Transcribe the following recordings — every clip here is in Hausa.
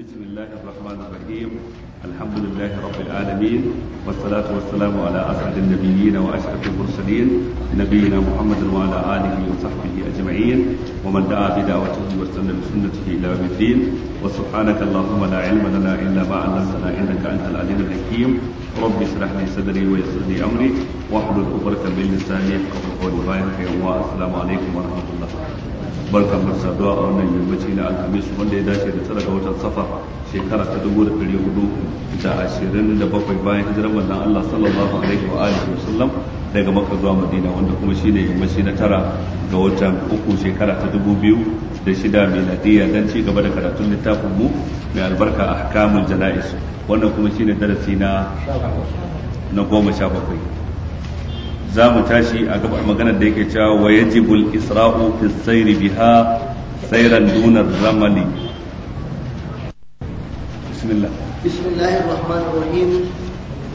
بسم الله الرحمن الرحيم الحمد لله رب العالمين والصلاة والسلام على أسعد النبيين وأشرف المرسلين نبينا محمد وعلى آله وصحبه أجمعين ومن دعا بدعوته واستنى بسنته إلى يوم الدين وسبحانك اللهم لا علم لنا إلا ما علمتنا إنك أنت العليم الحكيم رب اشرح لي صدري ويسر لي أمري واحلل عقدة من لساني قبل قول غيرك والسلام عليكم ورحمة الله وبركاته barka mu saduwa a wannan yammaci na alhamis wanda ya dace da tsara ga watan safar shekara ta dubu da ɗari hudu da ashirin da bakwai bayan hijirar manzon Allah sallallahu alaihi wa alihi wasallam daga Makka zuwa Madina wanda kuma shine yammaci na tara ga watan uku shekara ta dubu biyu da shida miladiyya dan ci gaba da karatun littafin mu mai albarka ahkamul jana'is wannan kuma shine darasi na na goma sha bakwai za mu tashi a gabar maganar da yake cewa wa yajibul isra'u fi sayri biha sayran dunar ramali bismillah bismillahir rahmanir rahim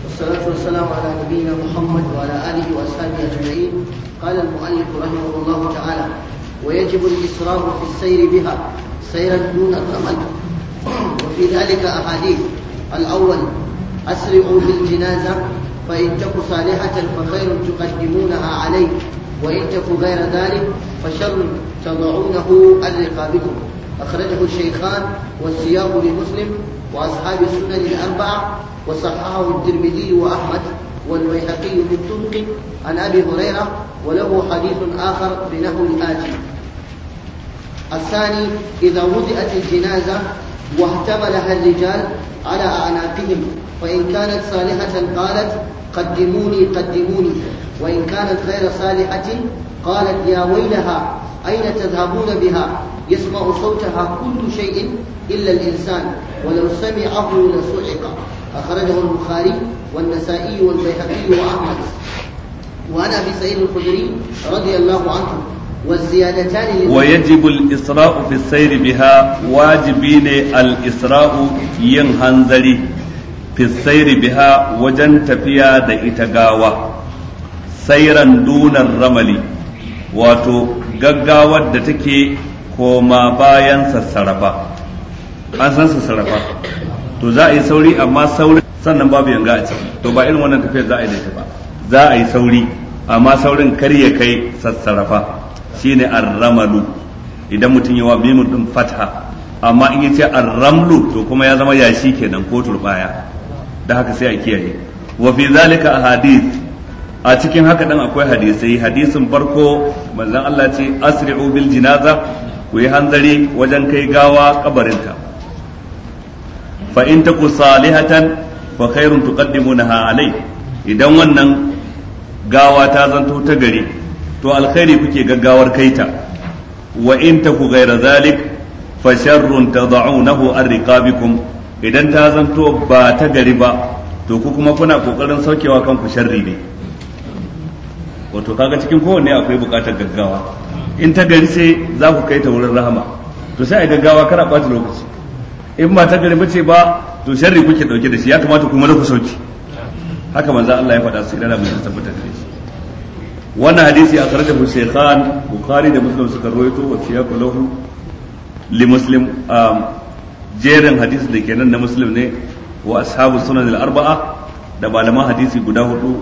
والصلاة والسلام على نبينا محمد وعلى آله وأصحابه أجمعين قال المؤلف رحمه الله تعالى ويجب الإسراع في السير بها سيرا دون الرمل وفي ذلك أحاديث الأول أسرعوا بالجنازة فإن تك صالحة فخير تقدمونها عليه وإن تك غير ذلك فشر تضعونه الرقابكم رقابكم أخرجه الشيخان والسياق لمسلم وأصحاب السنن الأربعة وصححه الترمذي وأحمد والبيهقي الطرق عن أبي هريرة وله حديث آخر بنحو الآتي الثاني إذا وضعت الجنازة واحتملها الرجال على أعناقهم فإن كانت صالحة قالت قدموني قدموني وإن كانت غير صالحة قالت يا ويلها أين تذهبون بها يسمع صوتها كل شيء إلا الإنسان ولو سمعه لصعق أخرجه البخاري والنسائي والبيهقي وأحمد وعن أبي سعيد الخدري رضي الله عنه ويجب الإسراء في السير بها واجبين الإسراء ينهنزلي في السير بها وجن تفيا دا إتقاوة سيرا دون الرمل واتو قاقاوة دا كوما بايا سسربا أنسان سسربا تو زائي سوري yi سوري سنن بابي sannan تو yanga a تفيا زائي ba irin wannan tafiyar za a yi amma saurin kar kai sassarafa shine ar-ramalu idan mutum yawa mimun din fatha amma in yace ar-ramlu to kuma ya zama yashi kenan ko turbaya da haka sai a kiyaye wa fi zalika ahadith a cikin haka dan akwai hadisai hadisin farko manzon Allah ce asri'u bil jinaza ku yi hanzari wajen kai gawa kabarinta fa in taku salihatan fa khairun tuqaddimunaha alai idan wannan gawa ta zanto ta gari to alkhairi kuke gaggawar kaita wa in taku gaira zalik fa sharrun tad'unahu arriqabikum idan ta zanto ba ta gari ba to ku kuma kuna kokarin saukewa kanku sharri ne wato kaga cikin kowanne akwai bukatar gaggawa in ta gari sai za ku kai ta wurin rahama to sai a gaggawa kar a ɓata lokaci in ba ta gari bace ba to sharri kuke dauke da shi ya kamata kuma da ku sauki haka manzo Allah ya faɗa su idan mun tabbata da shi wannan hadisi a karatu shaykhan bukhari da muslim suka rawaito wa siyaqu lahu li muslim um, jerin hadisi da kenan na muslim ne wa ashabu sunan al-arba'a da malaman hadisi guda hudu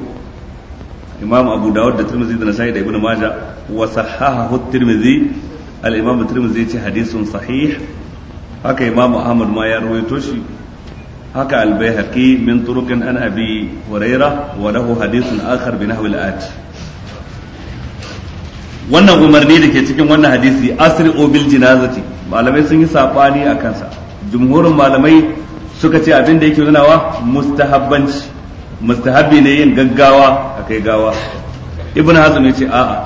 imam abu dawud da tirmidhi da nasai da ibnu majah wa sahahahu tirmidhi al-imam tirmidhi ya ce hadisun sahih haka imam ahmad ma ya rawaito shi haka al-baihaqi min turuqin an abi hurairah wa lahu hadithun akhar bi nahwi al-ati wannan umarni da ke cikin wannan hadisi asri obil jinazati malamai sun yi sabani a kansa jumhurin malamai suka ce abin da yake nunawa mustahabbanci mustahabbi ne yin gaggawa a kai gawa ibn hazm ya ce a'a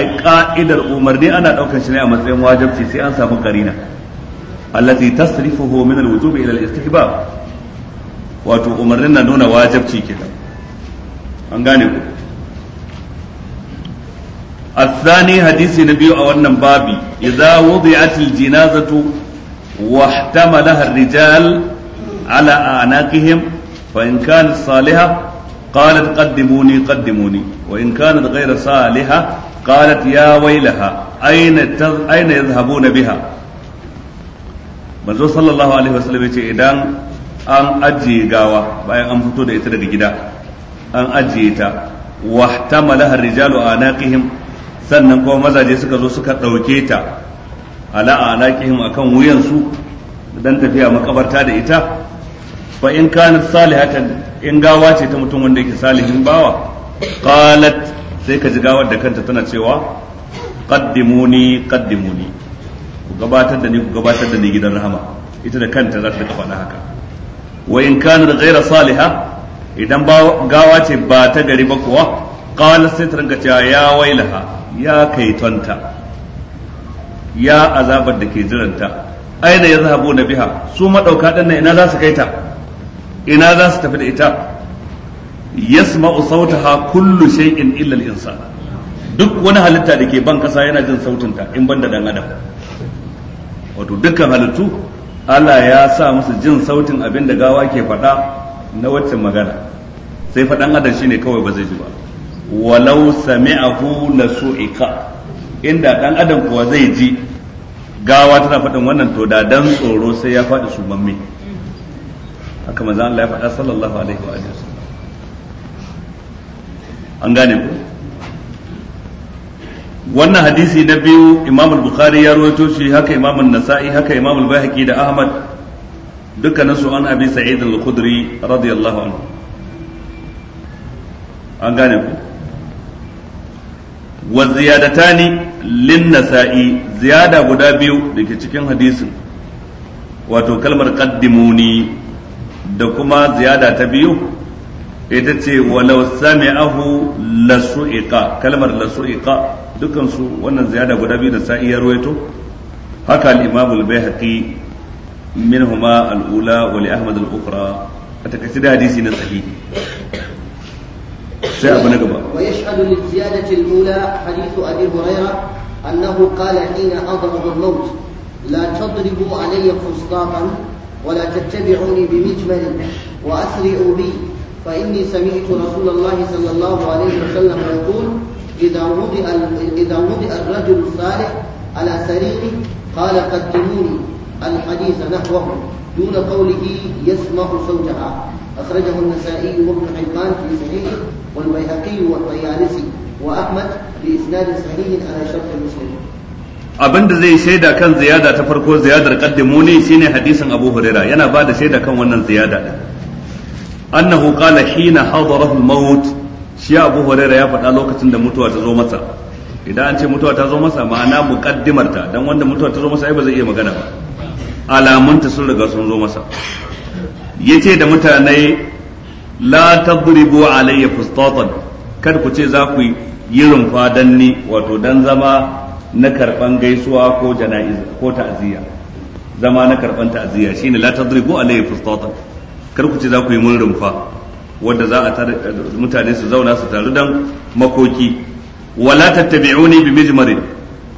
ai ka'idar umarni ana daukar shi ne a matsayin wajibi sai an samu karina allati tasrifuhu min alwujubi ila alistihbab wato umarnin na nuna wajibi kenan an gane ku الثاني حديث نبي أو النبابي إذا وضعت الجنازة واحتملها الرجال على أعناقهم فإن كانت صالحة قالت قدموني قدموني وإن كانت غير صالحة قالت يا ويلها أين تز... أين يذهبون بها manzo sallallahu alaihi wasallam yace idan an ajiye gawa bayan an fito da ita daga gida an ajiye ta wahtamalaha rijalu anaqihim sannan kuma mazaje suka zo suka ɗauke ta ala alaƙihim kan wuyansu don tafiya makabarta da ita fa in kanat salihatan in gawa ce ta mutum wanda yake salihin bawa qalat sai ka ji gawar da kanta tana cewa qaddimuni qaddimuni ku gabatar da ni ku gabatar da ni gidan rahama ita da kanta za ta faɗa haka wa in kanat ghayra salihah idan gawa ce ba ta gari ba kuwa qala sai ta ya wailaha ya kaitonta ya azabar da ke jiranta aina ya zahabu na biha su madauka din nan ina za su kaita ina za su tafi da ita yasma'u sautaha kullu shay'in illa al-insan duk wani halitta da ke ban kasa yana jin sautinta in ban da dan adam wato dukkan halittu Allah ya sa musu jin sautin abin da gawa ke faɗa na waccan magana sai faɗan adam shine kawai ba zai ji ba walau sami'ahu la su'ika inda dan adam kuwa zai ji gawa tana faɗin wannan to da dan tsoro sai ya faɗi su mamme haka manzo Allah ya faɗa sallallahu alaihi wa alihi an gane ku wannan hadisi na biyu Imam al-Bukhari ya rawaito shi haka Imam an-Nasa'i haka Imam al-Baihaqi da Ahmad dukkanin su an Abi Sa'id al-Khudri radiyallahu anhu an gane ku wa ziyadatani lin nasa'i ziyada guda biyu cikin hadisin wato kalmar qaddimuni da kuma ziyada ta biyu ita ce walau sami'ahu lasu'iqa kalmar lasu'iqa dukan su wannan ziyada guda biyu da sa'i ya ruwaito haka al-imam al min minhuma al-ula wa li ahmad al a takaice hadisi na sahihi ويشهد للزيادة الأولى حديث أبي هريرة أنه قال حين أضرب الموت لا تضربوا علي فسطاطا ولا تتبعوني بمجمل وأسرعوا بي فإني سمعت رسول الله صلى الله عليه وسلم يقول إذا وضع إذا وضع الرجل الصالح على سريره قال قدموني الحديث نحوه دون قوله يسمع صوتها أخرجه النسائي وابن حبان في صحيحه والبيهقي والطيالسي وأحمد بإسناد صحيح على شرط مسلم abin da zai shaida kan ziyada ta farko ziyadar kaddimu shine hadisin Abu Huraira yana ba da shaida kan wannan ziyada din annahu qala hina hadarahu al-maut shi Abu Huraira ya faɗa lokacin da mutuwa ta zo masa idan an ce mutuwa ta zo masa ma'ana muqaddimarta dan wanda mutuwa ta zo masa ai ba zai iya magana ba alamunta sun riga sun zo masa yace da mutane la tadribu alayya fustatan kada ku ce za ku yi rumfa dan ni wato dan zama na karban gaisuwa ko jana'iza ko ta'ziya zama na karban ta'ziya shine la tadribu alayya fustatan kar ku ce za ku yi mun rumfa wanda za a mutane su zauna su taru dan makoki wala tattabi'uni bi mijmarin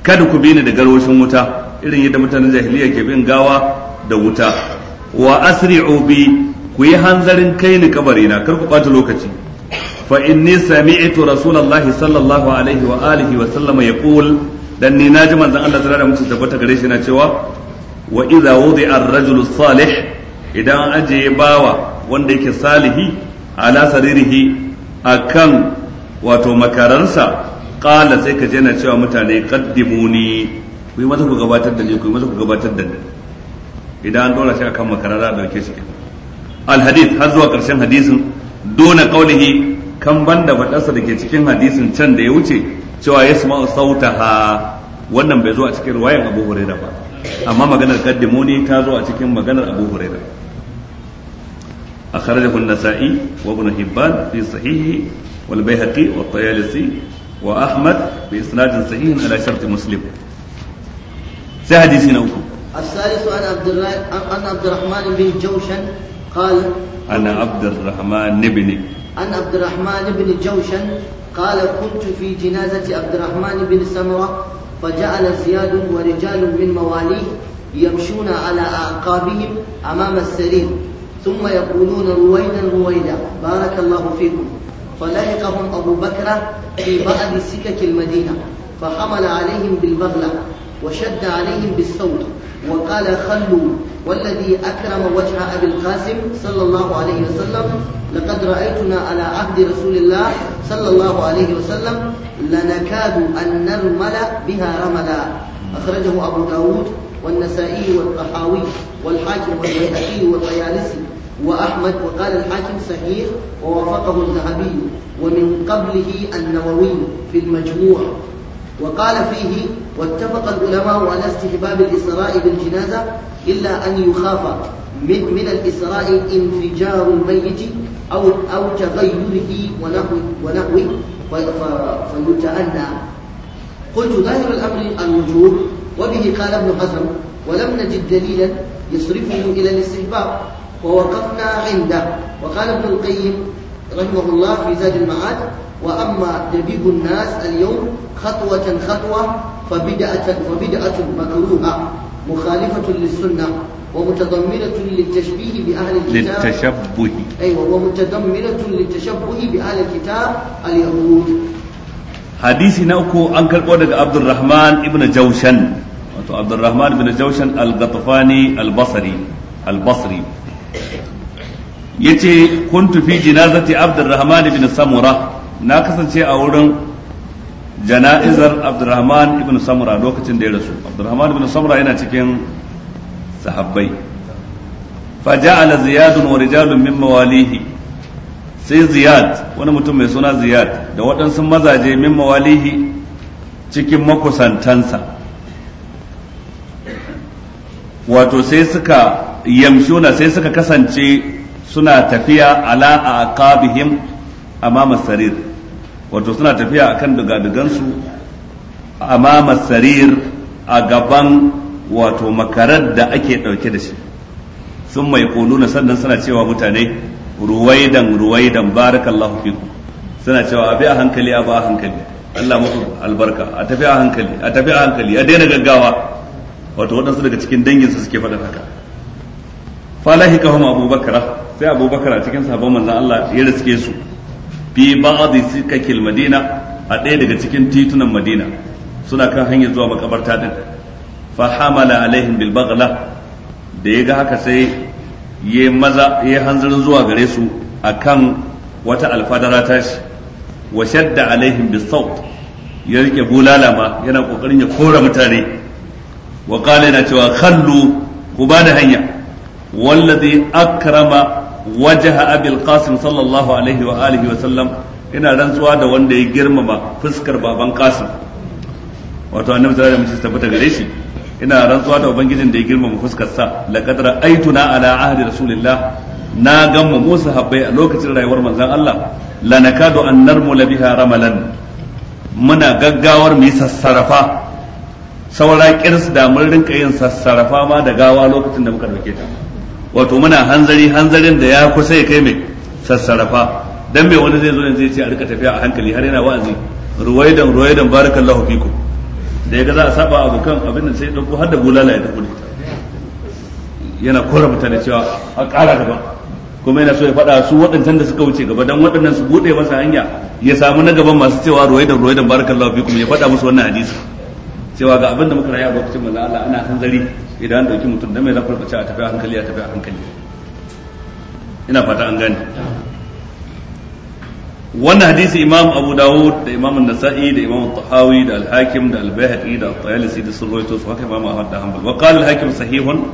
kada ku bi ni da garwashin wuta irin yadda mutanen jahiliya ke bin gawa da wuta wa asri'u bi ku yi hanzarin kai ni kabarina kar ku bata lokaci fa inni sami'tu rasulullahi sallallahu alaihi wa alihi wa sallama yaqul dan ni naji manzon Allah tsara da mutum tabbata gare shi na cewa wa idza wudi'a ar-rajulu salih idan aje bawa wanda yake salihi ala saririhi akan wato makaransa. kala sai ka jena cewa mutane qaddimuni ku yi maza ku gabatar da ni ku yi masa ku gabatar da ni idan an dora shi akan makara za a dauke shi al hadith har zuwa karshen hadisin dona qaulihi kan banda fadarsa da ke cikin hadisin can da ya wuce cewa ya yasma'u sautaha wannan bai zo a cikin ruwayan Abu huraira ba amma maganar qaddimuni ta zo a cikin maganar Abu Hurairah أخرجه النسائي وابن حبان في صحيحه والبيهقي والطيالسي wa ahmad bi isnadin sahihin ala sharti muslim sai hadisi na uku الثالث عن عبد عن عبد الرحمن بن جوشن قال عن عبد الرحمن بن عن عبد الرحمن بن جوشن قال كنت في جنازة عبد الرحمن بن سمرة فجعل زياد ورجال من مواليه يمشون على أعقابهم أمام السرير ثم يقولون رويدا رويدا بارك الله فيكم فلحقهم أبو بكر في بعض سكك المدينة فحمل عليهم بالبغلة وشد عليهم بالصوت وقال خلوا والذي أكرم وجه أبي القاسم صلى الله عليه وسلم لقد رأيتنا على عهد رسول الله صلى الله عليه وسلم لنكاد أن نرمل بها رملا أخرجه أبو داود والنسائي والطحاوي والحاكم والبيهقي والطيالسي وأحمد وقال الحاكم صحيح ووافقه الذهبي ومن قبله النووي في المجموع وقال فيه واتفق العلماء على استحباب الإسراء بالجنازة إلا أن يخاف من, من الإسراء انفجار الميت أو أو تغيره ونحوه ونحوه فيتأنى قلت ظاهر الأمر الوجوب وبه قال ابن حزم ولم نجد دليلا يصرفه إلى الاستحباب ووقفنا عنده وقال ابن القيم رحمه الله في زاد المعاد وأما دبيب الناس اليوم خطوة خطوة فبدعة وبدعة مكروهة مخالفة للسنة ومتضمنة للتشبيه بأهل الكتاب للتشبه أيوة ومتضمنة للتشبه بأهل الكتاب اليهود حديث نوكو أنكر قولك عبد الرحمن ابن جوشن عبد الرحمن بن جوشن القطفاني البصري البصري yace kuntu fi jinazati abdurrahman ibn samura na kasance a wurin jana'izar abdurrahman ibn samura lokacin da ya rasu abdurrahman ibn samura yana cikin sahabbai faja'ala ziyadun wa rijalun min mawalihi sai ziyad wani mutum mai suna ziyad da waɗansu mazaje min mawalihi cikin makusantansa wato sai suka yamshuna sai suka kasance suna tafiya ala aqabihim amama sarir wato suna tafiya akan dugadugansu amama sarir a gaban wato makarar da ake dauke da shi sun mai kuluna sannan suna cewa mutane ruwaidan ruwaidan barakallahu fikum suna cewa abi a hankali abu a hankali Allah musu albarka a tafi a hankali a tafi a hankali a daina gaggawa wato waɗansu daga cikin danginsu suke faɗa haka falahikahum abubakar sai abubakar a cikin sabon manzon Allah ya riske su fi ba'd sikakil madina a ɗaya daga cikin titunan madina suna kan hanyar zuwa makabarta din fa hamala alaihim bil baghla da ya ga haka sai ya maza ya hanzarin zuwa gare su akan wata alfadara shi. wa shadda alaihim bis ya rike bulala ma yana kokarin ya kora mutane wa qala yana cewa khallu ku bada hanya wallazi akrama wajaha abil qasim sallallahu alaihi wa alihi wa sallam ina rantsuwa da wanda ya girmama fuskar baban qasim wato annabi sallallahu alaihi wasallam ta gare shi ina rantsuwa da ubangijin da ya girmama fuskar sa laqad ra'aytuna ala ahdi rasulillah na gamma musa habbai a lokacin rayuwar manzon Allah lanakadu an narmula biha ramalan muna gaggawar mu yi sassarafa saura kirs da mun rinka yin sassarafa ma da gawa lokacin da muka dauke ta wato muna hanzari hanzarin da ya kusa ya kai mai sassarafa dan mai wani zai zo yanzu ya ce a rika tafiya a hankali har yana wa'azi ruwaidan ruwaidan barakallahu fikum da ya ga za a saba abokan abin da sai dauko har da bulala ya dauko yana kora mutane cewa a ƙara gaba kuma yana so ya faɗa su waɗancan da suka wuce gaba dan waɗannan su buɗe masa hanya ya samu na gaban masu cewa ruwaidan ruwaidan barakallahu fikum ya faɗa musu wannan hadisi cewa ga abin da muka rayu a lokacin manzo Allah ana hanzari idan an dauki mutum dan mai zakur bace a tafi a hankali a tafi a hankali ina fata an gane wannan hadisi imam abu dawud da imam an-nasa'i da imam at-tahawi da al-hakim da al-baihaqi da at-tayalisi da sun rawaito su haka imam ahmad da hanbal wa qala al-hakim sahihun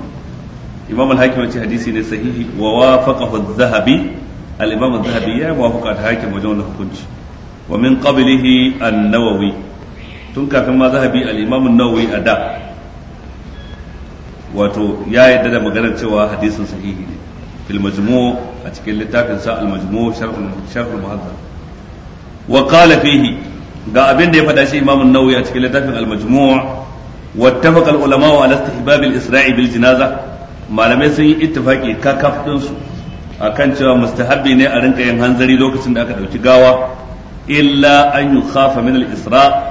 imam al-hakim yace hadisi ne sahihi wa wafaqahu adh-dhahabi al-imam adh-dhahabi ya wafaqa al-hakim wajen wannan hukunci wa min qablihi an-nawawi tun kafin ma zahabi al-imamun nawawi a da wato ya yadda da maganar cewa hadisin sahihi ne fil majmu a cikin littafin sa al majmu sharh al muhazzab wa qala fihi ga abin da ya faɗa shi imamun nawawi a cikin littafin al majmu wattafaq al ulama ala istihbab al isra'i bil janaza malamai sun yi ittifaki kakaf din su akan cewa mustahabbi ne a rinka yin hanzari lokacin da aka dauki gawa illa an yukhafa min al isra'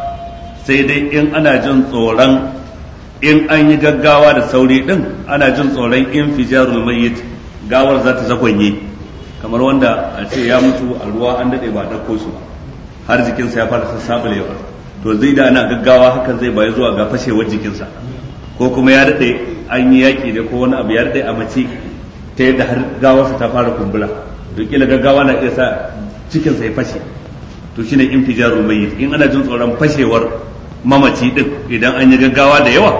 sai dai in ana jin tsoron in an yi gaggawa da sauri din ana jin tsoron in fijarul mayyit gawar za ta zakonye kamar wanda a ce ya mutu a ruwa an dade ba dauko su har jikinsa ya fara sassabulewa to zai da ana gaggawa hakan zai bayi zuwa ga fashewar jikinsa ko kuma ya dade an yi yaki da ko wani abu ya dade a mace ta yadda har gawarsa ta fara kumbura to kila gaggawa na iya sa cikinsa ya fashe to shine in fijarul mayyit in ana jin tsoron fashewar mamaci din idan an yi gaggawa da yawa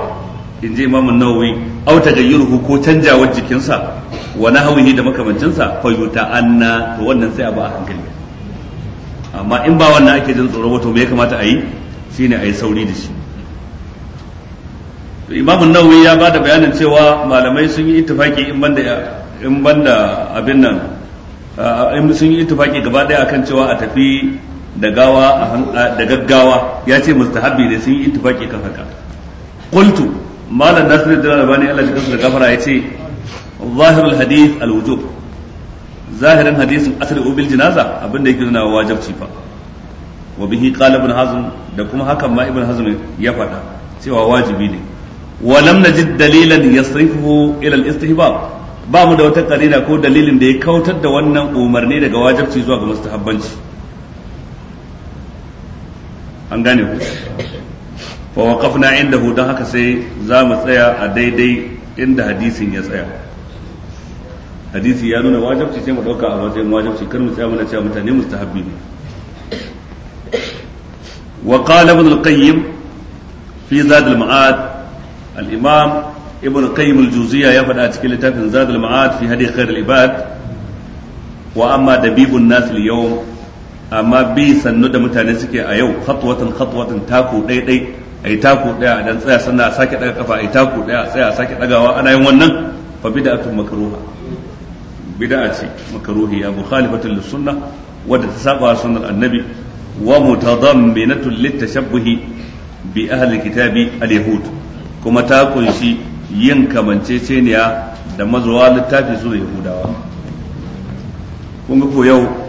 in ji imamun nawawi aw tagayyuruhu ko canjawa jikinsa wa nahwihi da makamancinsa fa anna to wannan sai a ba a hankali amma in ba wannan ake jin tsoro to me ya kamata a yi shine a yi sauri da shi to imamun nawawi ya ba da bayanin cewa malamai sun yi ittifaki in banda in banda abin nan in sun yi ittifaki gaba daya akan cewa a tafi da gawa a da gaggawa ya ce mustahabi ne sun yi ittifaki kan haka qultu malam nasiru da albani Allah ya kasu da gafara ya ce zahirul hadith alwujub zahirin hadisin asri ubil jinaza abinda yake nuna wajibci fa wa bihi qala ibn hazm da kuma hakan ma ibn hazm ya faɗa cewa wajibi ne wa lam najid dalilan yasrifuhu ila al-istihbab ba mu da wata karina ko dalilin da ya kautar da wannan umarni daga wajibci zuwa ga mustahabbanci an gane ku fa waqafna indahu dan haka sai za mu tsaya a daidai inda hadisin ya tsaya hadisi ya nuna wajabci sai mu dauka a matsayin wajabci kar mu tsaya muna cewa mutane mustahabbi ne wa qala ibn al-qayyim fi zad al-ma'ad al-imam ibn qayyim al-juziyya ya faɗa cikin littafin zad al-ma'ad fi hadi khair al-ibad wa amma dabibun nas al-yawm amma bi sannu da mutane suke a yau khatwatan khatwatan taku ɗaya dai a yi tako ɗaya a dan tsaya sannan a sake ɗaga kafa a yi tako ɗaya a tsaya a sake dagawa ana yin wannan fa bid'atun makruha bid'a ce ya mukhalifatun lis-sunnah wadda ta saba sunnar annabi wa mutadamminatun litashabbuhi bi ahli kitabi alyahud kuma ta kunshi yin kamanceceniya da mazuwa littafi su yahudawa kun ga ko yau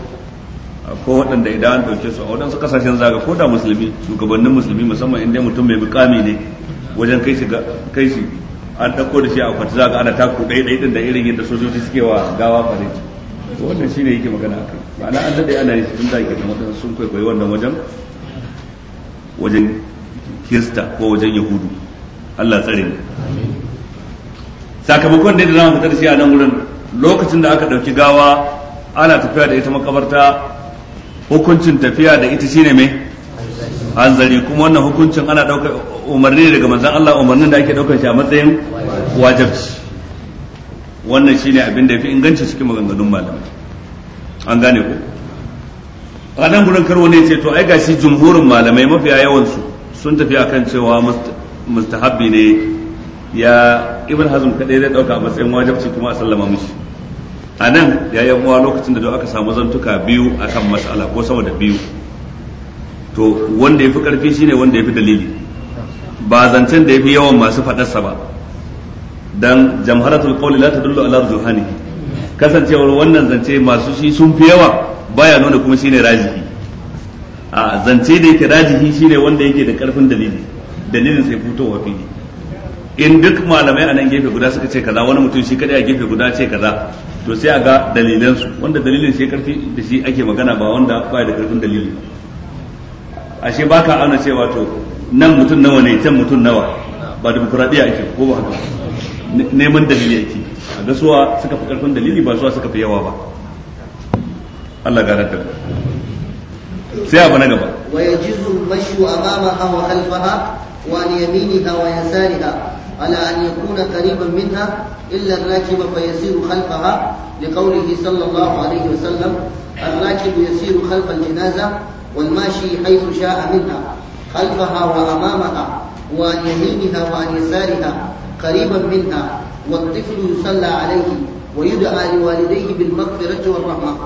ko waɗanda idan an ɗauke su a waɗansu ƙasashen zaga ko da musulmi shugabannin musulmi musamman inda mutum mai mukami ne wajen kai shi kai shi an ɗauko da shi a kwata zaga ana taku ɗaya ɗaya ɗin da irin yadda sojoji suke wa gawa fare to wannan shi ne yake magana a kai ma'ana an daɗe ana yi tun da ke da waɗansu sun kwaikwayi wannan wajen wajen kirista ko wajen yahudu Allah tsare ne sakamakon da za mu fitar shi a nan wurin lokacin da aka ɗauki gawa ana tafiya da ita makabarta hukuncin tafiya da ita shine mai hanzari kuma wannan hukuncin ana dauka umarni daga manzon Allah umarnin da ake daukar shi a matsayin wajabci wannan shine abin da yafi inganci cikin maganganun malamai an gane ku. a nan gurin karo ne ce to ai gashi jumhurin malamai mafiya yawan su sun tafi akan cewa mustahabbi ne ya ibn hazm kadai zai dauka a matsayin wajabci kuma a sallama mishi a nan ya yi uwa lokacin da aka samu zantuka biyu akan mas'ala ko sama da biyu to wanda ya fi karfi shine wanda ya fi dalili ba zancen da ya fi yawan masu faɗarsa ba don jamharatul qawli la tadullu ala rujuhani kasancewar wannan zance masu shi sun fi yawa baya nuna kuma shine rajihi a zance da yake rajihi shine wanda yake da karfin dalili dalilin sai fitowa fili in duk malamai a nan gefe guda suka ce kaza wani mutum shi kadai a gefe guda ce kaza to sai a ga dalilansu wanda dalilin sai karfi da shi ake magana ba wanda ba da karfin dalili ashe ba ka auna cewa to nan mutum nawa ne can mutum nawa ba demokuraɗiyya ake ko ba haka neman dalili ake a ga suwa suka fi karfin dalili ba suwa suka fi yawa ba Allah gara ranta sai abu na gaba wa yajizu mashu amamaha wa khalfaha wa an yaminiha wa yasariha على أن يكون قريبا منها إلا الراكب فيسير خلفها لقوله صلى الله عليه وسلم الراكب يسير خلف الجنازة والماشي حيث شاء منها خلفها وأمامها وعن يمينها وعن يسارها قريبا منها والطفل يصلى عليه ويدعى لوالديه بالمغفرة والرحمة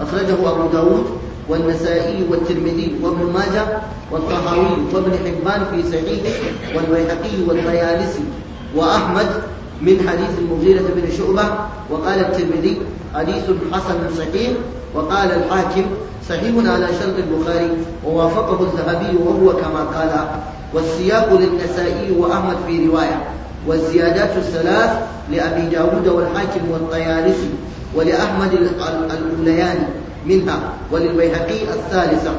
أخرجه أبو داود والنسائي والترمذي وابن ماجه والطهاوي وابن حبان في صحيحه والبيهقي والبيالسي وأحمد من حديث المغيرة بن شعبة وقال الترمذي حديث حسن صحيح وقال الحاكم صحيح على شرط البخاري ووافقه الذهبي وهو كما قال والسياق للنسائي وأحمد في رواية والزيادات الثلاث لأبي داود والحاكم والطيالسي ولأحمد الأولياني منها وللبيهقي الثالثة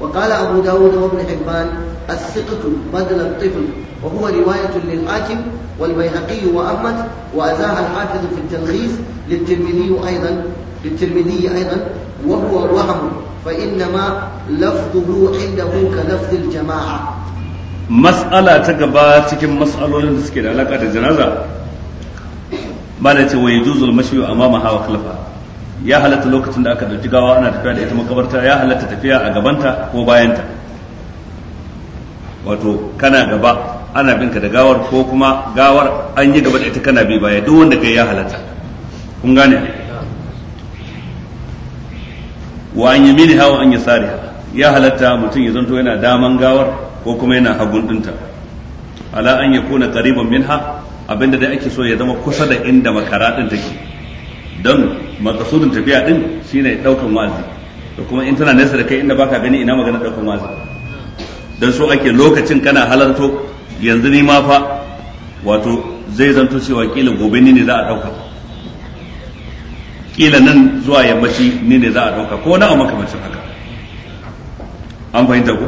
وقال أبو داود وابن حبان السقط بدل الطفل وهو رواية للحاكم والبيهقي وأحمد وأزاها الحافظ في التلخيص للترمذي أيضا للترمذي أيضا وهو وهم فإنما لفظه عنده كلفظ الجماعة مسألة تقبا تكم مسألة نسكر علاقة الجنازة ما لا تيجوز المشي أمامها وخلفها ya halatta lokacin da aka dauki gawa ana tafiya da ita makabarta ya halatta tafiya a gabanta ko bayanta wato kana gaba ana bin ka da gawar ko kuma gawar an yi gaba da ita kana bi baya duk wanda kai ya halatta kun gane wa an mini hawa an yasariha ya halatta mutum ya zanto yana daman gawar ko kuma yana hagun dinta ala an ya yakuna qariban minha abinda dai ake so ya zama kusa da inda makara din take don makasudin tafiya din shine daukan wazi da kuma in tana nesa da kai inda baka gani ina magana daukan wazi dan so ake lokacin kana halarto yanzu ni ma fa wato zai zanto cewa kila gobe ni ne za a dauka kila nan zuwa yammaci ni ne za a dauka ko na makamancin haka an fahimta ko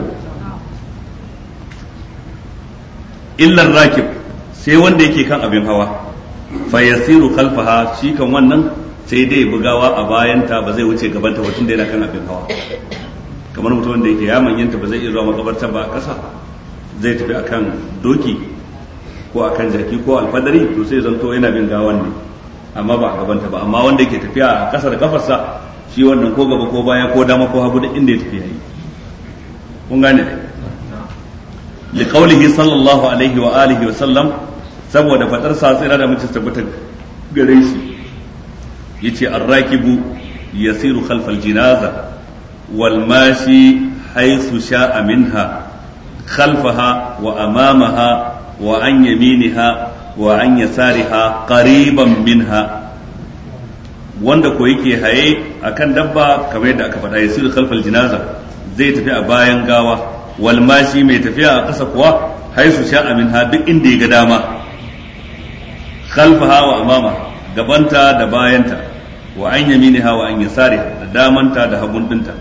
illar rakib sai wanda yake kan abin hawa fa yasiru khalfaha shi kan wannan sai dai bugawa a bayan ta ba zai wuce gabanta ba da yana kan abin hawa kamar mutum da yake ya manyanta ba zai iya zuwa makabarta ba a kasa zai tafi akan doki ko akan jaki ko alfadari to sai zanto yana bin gawan ne amma ba a gabanta ba amma wanda yake tafiya a kasa da kafarsa shi wannan ko gaba ko baya ko dama ko hagu da inda ya tafi yayi kun gane li qawlihi sallallahu alaihi wa alihi wa sallam saboda fadar sa tsira da mutum tabbata gare shi yace ar-rakibu yasiru khalfal jinaza wal mashi haythu sha'a minha khalfaha wa amamaha wa an yaminiha wa an yasariha qariban minha wanda ko yake haye akan dabba kamar yadda aka faɗa yasiru khalfal jinaza zai tafi a bayan gawa walmashi mai tafiya a ƙasa kuwa haisu amin ha duk inda ya ga dama khalfaha wa amama gabanta da bayanta wa an yaminiha wa an yasariha da damanta da hagun dinta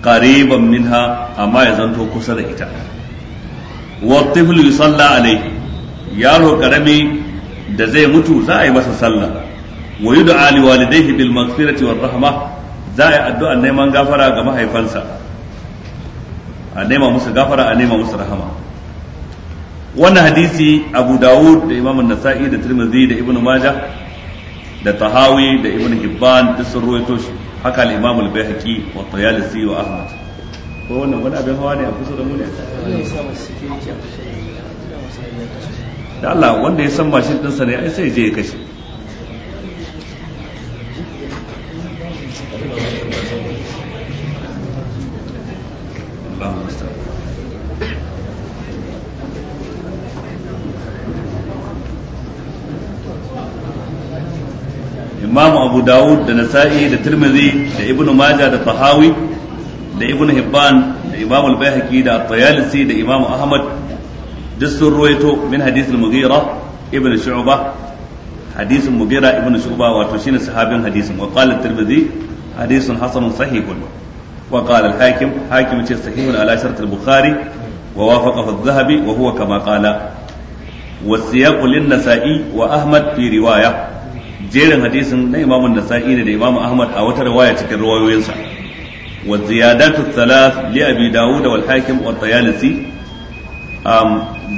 qariban minha amma ya zanto kusa da ita wa tiflu yusalla alayhi yaro karami da zai mutu za a yi masa sallah wa yud'a li walidayhi bil maghfirati war rahma za a yi addu'a neman gafara ga mahaifansa a nema musu gafara a nema musu rahama wannan hadisi abu dawud da imam nasa'i da tirmidhi da ibn majah da tahawi da ibn hibban duk sun ruwaito shi haka al-imam al-baihaqi wa tayalisi wa ahmad ko wannan wani abin hawa ne a kusa da mu ne da Allah wanda ya san mashin dinsa ne ai sai je ya kashe abu dawud da nasa'i da tirmidhi da ibnu maja da tahawi da ibnu hibban da imam al da at-tayalisi da imam ahmad duk sun ruwaito min hadith al-mughira shu'bah hadith al ibnu shu'bah wato shine sahabin hadisin wa qala at-tirmidhi hadithun hasanun hakim hakim ce sahihun ala shart al-bukhari wa wafaqahu adh-dhahabi wa huwa kama qala والسياق للنسائي وأحمد في رواية jerin hadisin na Imam Nasa'i da Imam Ahmad a wata riwaya cikin riwayoyinsa wa ziyadatu thalath li Abi Dawud wal Hakim wa Tayalisi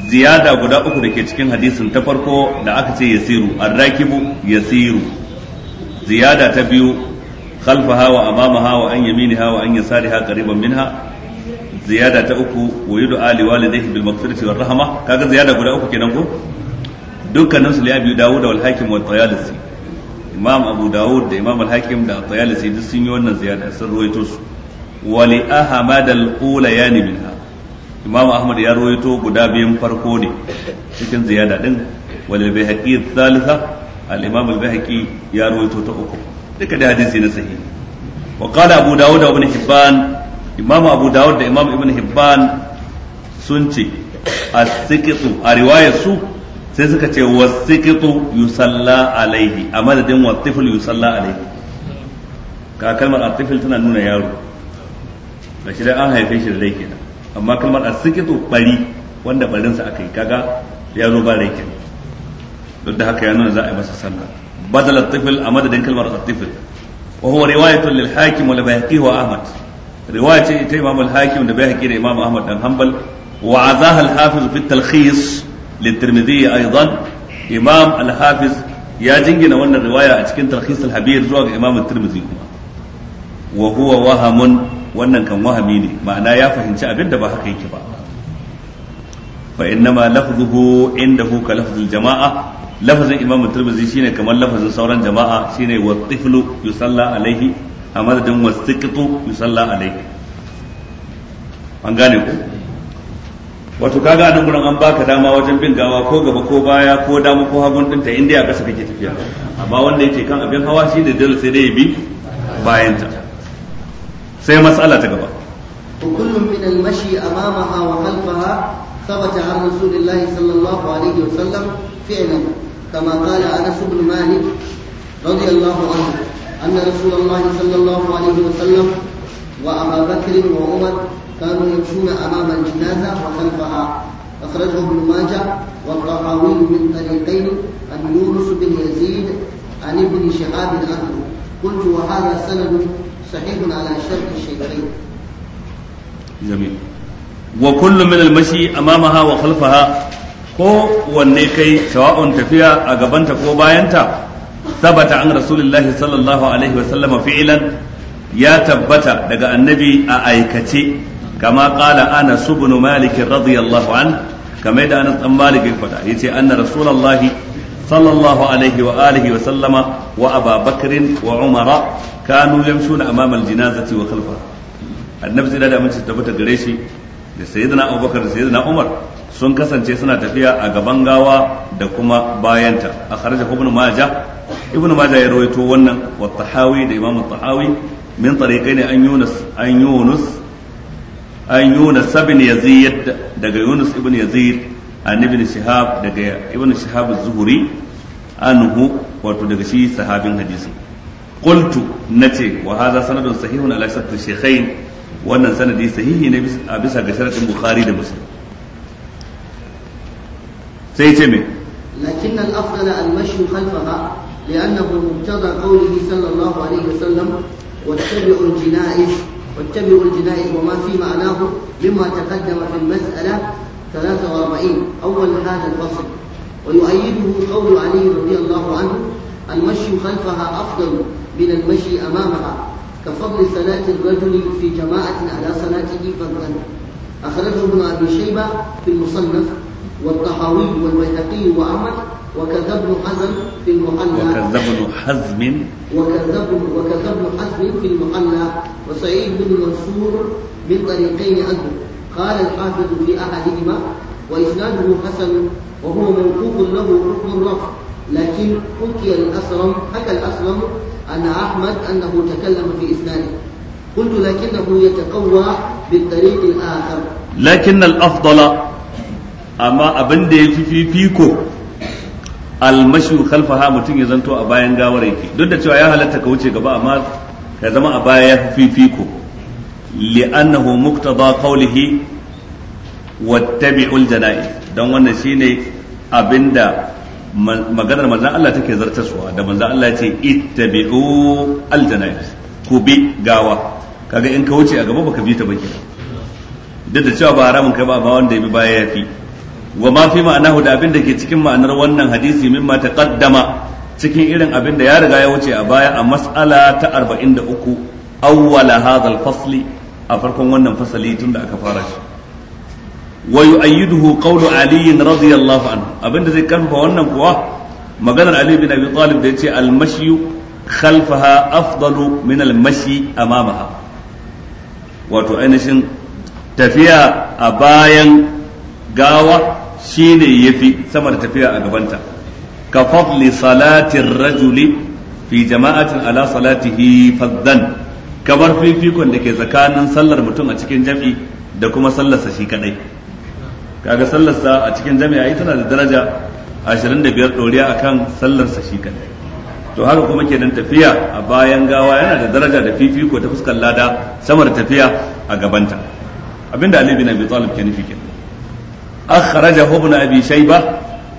ziyada guda uku da ke cikin hadisin ta farko da aka ce yasiru arrakibu yasiru ziyada ta biyu khalfaha wa amamaha wa an yaminiha wa an yasariha qariban minha ziyada ta uku wa yudu ali walidayhi bil maghfirati war rahma kaga ziyada guda uku kenan ko dukkanin su liyabi dawud wal hakim wa tayalisi imam abu dawud da imam al-hakim da tayalisi duk sun yi wannan ziyada sun ruwaito su wa li ahmad al yani minha imam ahmad ya ruwaito guda biyan farko ne cikin ziyada din wa bihaqi bayhaqi thalitha al-imam al bihaqi ya ruwaito ta uku duka da hadisi na sahihi wa qala abu dawud wa ibn hibban imam abu dawud da imam ibn hibban sun ce as sikitu a riwayar su sai suka ce wasiqitu yusalla alaihi a madadin wasifil yusalla alaihi ka kalmar atifil tana nuna yaro da shi dai an haife shi da rai kenan amma kalmar asiqitu bari wanda barinsa aka yi kaga ya zo ba rai kenan duk da haka ya nuna za a yi masa sallah badal atifil a madadin kalmar atifil wa huwa riwayatun lil hakim wal bayhaqi wa ahmad riwaya ce ta imam al hakim da bayhaqi da imam ahmad dan hanbal wa azaha al hafiz fi talkhis litirmidhi aidan imam al ya jingina wannan riwaya a cikin tarhis al-habir zuwa ga imam at-tirmidhi kuma wa huwa wannan kan wahami ne ma'ana ya fahimci abin da ba haka yake ba fa innama lafzuhu indahu ka lafzul jama'a lafazin imam at-tirmidhi shine kamar lafazin sauran jama'a shine wa tiflu yusalla alaihi a madadin wa siqtu yusalla alaihi wato kaga anan gurin an baka dama wajen bin gawa ko gaba ko baya ko dama ko hagun ta inda ya kasa kake tafiya amma wanda yake kan abin hawa shi da dole sai dai ya bi bayanta sai matsala ta gaba min al-mashi amamaha wa khalfaha thabata an rasulullahi sallallahu alaihi wa sallam fi'lan kama qala anas ibn malik radiyallahu anhu anna rasulullahi sallallahu alaihi wa sallam wa abu bakr wa umar كانوا يمشون أمام الجنازة وخلفها أخرجه ابن ماجه والطحاوي من طريقين عن يونس بن يزيد عن ابن شهاب عنه قلت وهذا سند صحيح على شرط الشيخين جميل وكل من المشي أمامها وخلفها ko wanne kai shawa'un tafiya a gabanta ko bayanta sabata an rasulullahi sallallahu alaihi wa sallama fi'ilan ya tabbata daga annabi a aikace kama qala su ibn malik radiyallahu an kamar da anas dan malik ya faɗa yace anna rasulullahi sallallahu alaihi wa alihi wa sallama wa ababakrin wa umara kanu yamshuna amama aljinazati wa khalfaha annabi sai da amince tabbata gare shi da sayyidina abubakar da umar sun kasance suna tafiya a gaban gawa da kuma bayanta a kharaja ibn majah ibn majah ya rawaito wannan wa tahawi da imam tahawi min tariqain an yunus an yunus an Yunus ibn Yazid daga Yunus ibn Yazid an ibn Shihab daga ibn Shihab az-Zuhri anhu wato daga shi sahabin hadisi qultu nace wa hadha sanadun sahihun ala shart shaykhain wannan sanadi sahihi ne a bisa ga sharadin Bukhari da Muslim sai ce me lakin مقتضى قوله صلى الله عليه وسلم واتبعوا الجنائز واتبعوا الجنائز وما في معناه مما تقدم في المسألة 43 أول هذا الفصل ويؤيده قول علي رضي الله عنه المشي خلفها أفضل من المشي أمامها كفضل صلاة الرجل في جماعة على صلاته فضلا أخرجه ابن أبي شيبة في المصنف والطحاوي والبيهقي وأحمد وكذا ابن حزم في المحلى وكذا ابن حزم وكذا وكذا ابن حزم في المحلى وسعيد بن منصور من طريقين عنه قال الحافظ في احدهما واسناده حسن وهو موقوف له حكم الرفع لكن حكي الاسلم حكى الاسلم ان احمد انه تكلم في اسناده قلت لكنه يتقوى بالطريق الاخر لكن الافضل اما ابن في فيكو في almashu khalfaha mutum ya zanto a bayan gawar yake duk da cewa ya halatta ka wuce gaba amma ka zama a baya ya fifiko li'annahu muqtada qawlihi wattabi'ul jana'i dan wannan shine abinda maganar manzon Allah take zartaswa da manzon Allah ya ce ittabi'u aljana'i ku bi gawa kaga in ka wuce a gaba baka bi ta ba kenan duk da cewa ba haramun kai ba amma wanda ya bi baya ya fi wa ma fi ma'anahu da abin da ke cikin ma'anar wannan hadisi mimma taqaddama cikin irin abin da ya riga ya wuce a baya a mas'ala ta 43 awwala hadha al-fasli a farkon wannan fasali tun da aka fara shi wa yu'ayyiduhu qawlu ali radiyallahu anhu abinda zai karfafa wannan kuwa maganar ali bin abi talib da yace al-mashyu khalfaha afdalu min al-mashi amamaha wato ainihin tafiya a bayan gawa shine yafi sama da tafiya a gabanta ka fadli salatin rajuli fi jama'atin ala salatihi faddan kamar fifikon da ke tsakanin sallar mutum a cikin jam'i da kuma sallarsa shi kadai kaga sallarsa a cikin jami'a tana da daraja 25 doriya akan sallarsa shi kadai to haka kuma kenan tafiya a bayan gawa yana da daraja da fifiko ta fuskar lada sama da tafiya a gabanta abinda Ali bin Abi Talib ke nufi kenan akhrajahu ibn abi shayba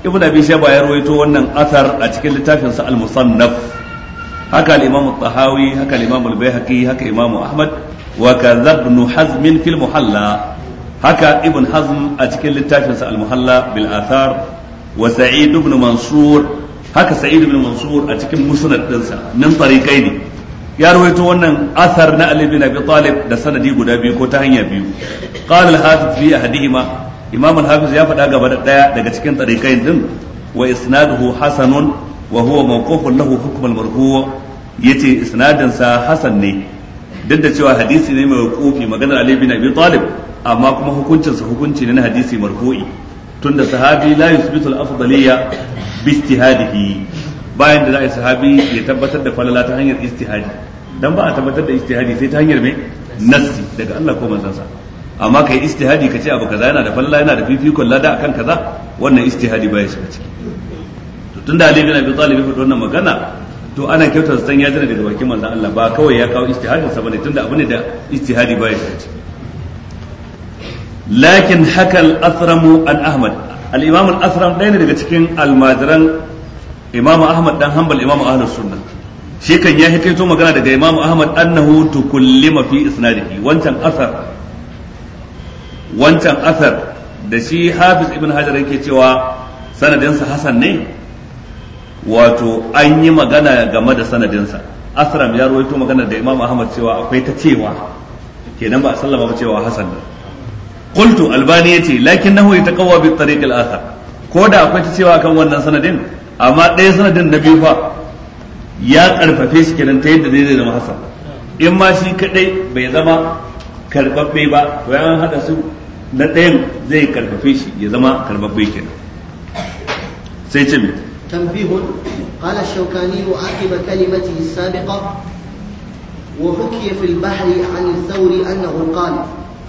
ibn abi shayba ya rawaito wannan athar a cikin littafin sa al-musannaf haka al-imam tahawi haka al-imam al-baihaqi haka imam ahmad wa kadha ibn hazm fil muhalla haka ibn hazm a cikin littafin sa al-muhalla bil athar wa mansur haka mansur a cikin ya rawaito wannan athar na Ali bin Abi Talib da sanadi guda biyu ko ta hanya biyu qala al-hafiz fi ahadihima imam al-hafiz ya faɗa gaba da ɗaya daga cikin tsarikai din wa isnaduhu hasanun wa huwa mawqufun lahu hukm al-marfu yace isnadin sa hasan ne duk da cewa hadisi ne mai kofi maganar ali bin abi talib amma kuma hukuncin sa hukunci ne na hadisi marfu'i tunda sahabi la yusbitu al-afdaliyya bi ijtihadihi bayan da za a sahabi ya tabbatar da falala ta hanyar ijtihadi dan ba a tabbatar da istihadi sai ta hanyar me nassi daga Allah ko manzon sa amma kai istihadi ka ce abu kaza yana da falla yana da fifikon lada akan kaza wannan istihadi baya shiga ciki to tun da Ali bin Abi Talib ya faɗi wannan magana to ana kyautar san ya jira daga bakin manzon Allah ba kawai ya kawo istihadin sa bane tunda abu ne da istihadi baya shiga ciki lakin haka al-Athram an Ahmad al-Imam al-Athram ɗaya ne daga cikin almajiran Imam Ahmad dan Hanbal Imam Ahlus Sunnah shi kan ya hikaito magana daga Imam Ahmad annahu tukullima fi isnadihi wancan asar wancan asar da shi hafiz ibn hajar yake cewa sanadinsa hasan ne wato an yi magana game da sanadinsa asram ya rawaito magana da imam ahmad cewa akwai ta cewa kenan ba a sallama ba cewa hasan ne qultu albani yace lakinnahu yataqawwa bi tariq al-athar ko da akwai ta cewa kan wannan sanadin amma ɗaya sanadin na biyu fa ya karfafe shi kenan ta yadda zai zama hasan in ma shi kadai bai zama karbabbe ba to ya haɗa su na ɗayan zai karfafe shi ya zama karbabbe kenan sai ce mai تنبيه قال الشوكاني عقب كلمته السابقة وحكي في البحر عن الثور أنه قال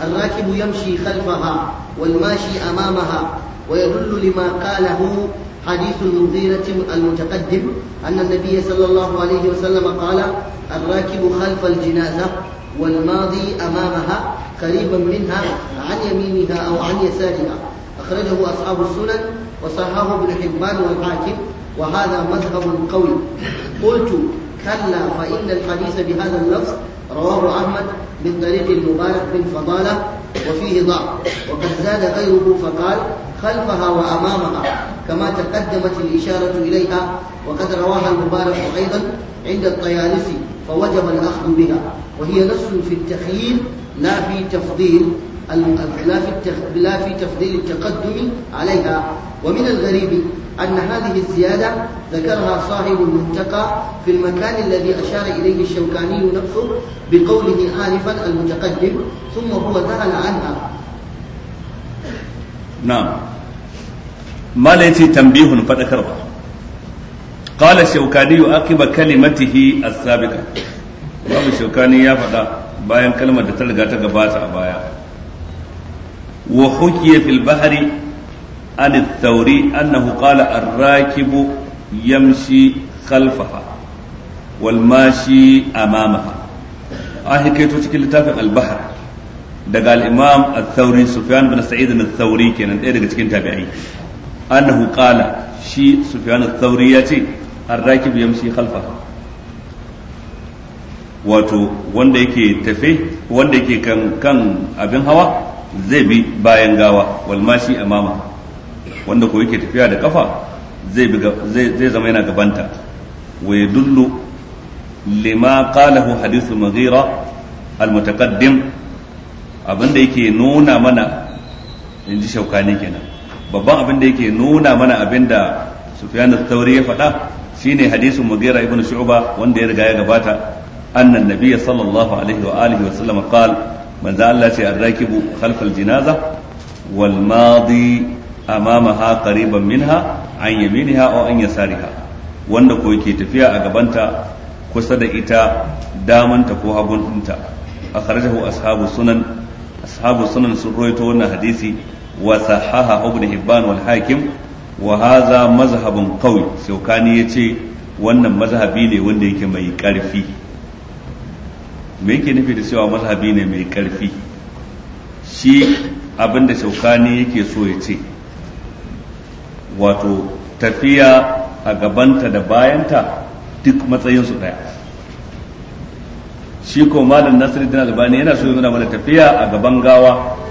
الراكب يمشي خلفها والماشي أمامها ويدل لما قاله حديث المغيرة المتقدم أن النبي صلى الله عليه وسلم قال الراكب خلف الجنازة والماضي أمامها قريبا منها عن يمينها أو عن يسارها أخرجه أصحاب السنن وصححه ابن حبان والحاكم وهذا مذهب قوي قلت كلا فإن الحديث بهذا اللفظ رواه أحمد من طريق المبارك بن فضالة وفيه ضعف وقد زاد غيره فقال خلفها وأمامها كما تقدمت الإشارة إليها وقد رواها المبارك أيضا عند الطيالسي فوجب الأخذ بها وهي نص في التخييل لا في تفضيل لا في تفضيل التقدم عليها ومن الغريب أن هذه الزيادة ذكرها صاحب المنتقى في المكان الذي أشار إليه الشوكاني نفسه بقوله آنفا المتقدم ثم هو ذهل عنها نعم mala yace tambihun fadakarwa qala shaukani yu'aqiba kalimatihi as-sabiqa babu shaukani ya faɗa bayan kalmar da ta riga ta gabata a baya wa hukiya fil bahri an ath-thawri rakibu yamshi khalfaha wal amamaha an hikaito cikin littafin al daga al-imam ath-thawri sufyan bin sa'id al-thawri kenan ɗaya daga cikin tabi'ai annahu qala shi sufyan ath-thawri ya ce ar-rakib yamshi khalfa wato wanda yake tafe wanda yake kan kan abin hawa zai bi bayan gawa wal mashi amama wanda ko yake tafiya da kafa zai bi zai zama yana gabanta wa yadullu lima qalahu hadithu maghira al-mutaqaddim abinda yake nuna mana inji shaukani kenan babban abin da yake nuna mana abin da Sufyan al ya faɗa shine hadisin Mughira ibn Shu'ba wanda ya riga ya gabata annan nabiyya sallallahu alaihi wa alihi wa sallam qal manzo Allah ce ar khalf al-jinaza wal madi amamaha qariban minha an yaminiha aw an yasariha wanda ko yake tafiya a gabanta kusa da ita damanta ko hagunta akhrajahu ashabu sunan ashabu sunan sun roito wannan hadisi wa sahaha ibn hibban wal hakim wahaza hadha mazhabun qawi shaukani yace wannan mazhabi ne wanda yake mai karfi me yake nufi da cewa mazhabi ne mai karfi shi abinda shaukani yake so ya ce wato tafiya a gabanta da bayanta duk matsayinsu daya shi ko malam nasiruddin albani yana so yana mana tafiya a gaban gawa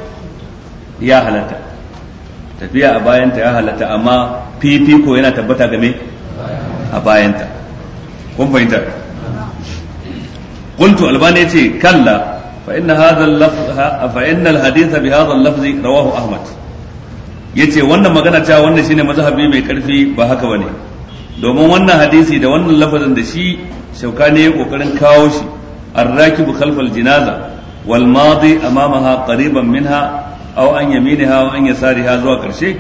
ya halatta tafiya a bayanta ya halatta amma fifiko yana tabbata game a bayanta kun fahimta qultu albani yace kalla fa inna hadha al-lafz fa inna al-hadith bi hadha rawahu ahmad yace wannan magana ta wannan shine mazhabi mai karfi ba haka ba ne domin wannan hadisi da wannan lafazin da shi shauka ne kokarin kawo shi arrakibu khalfal jinaza wal madi amamaha qariban minha aw an yaminiha aw an yasariha zuwa ƙarshe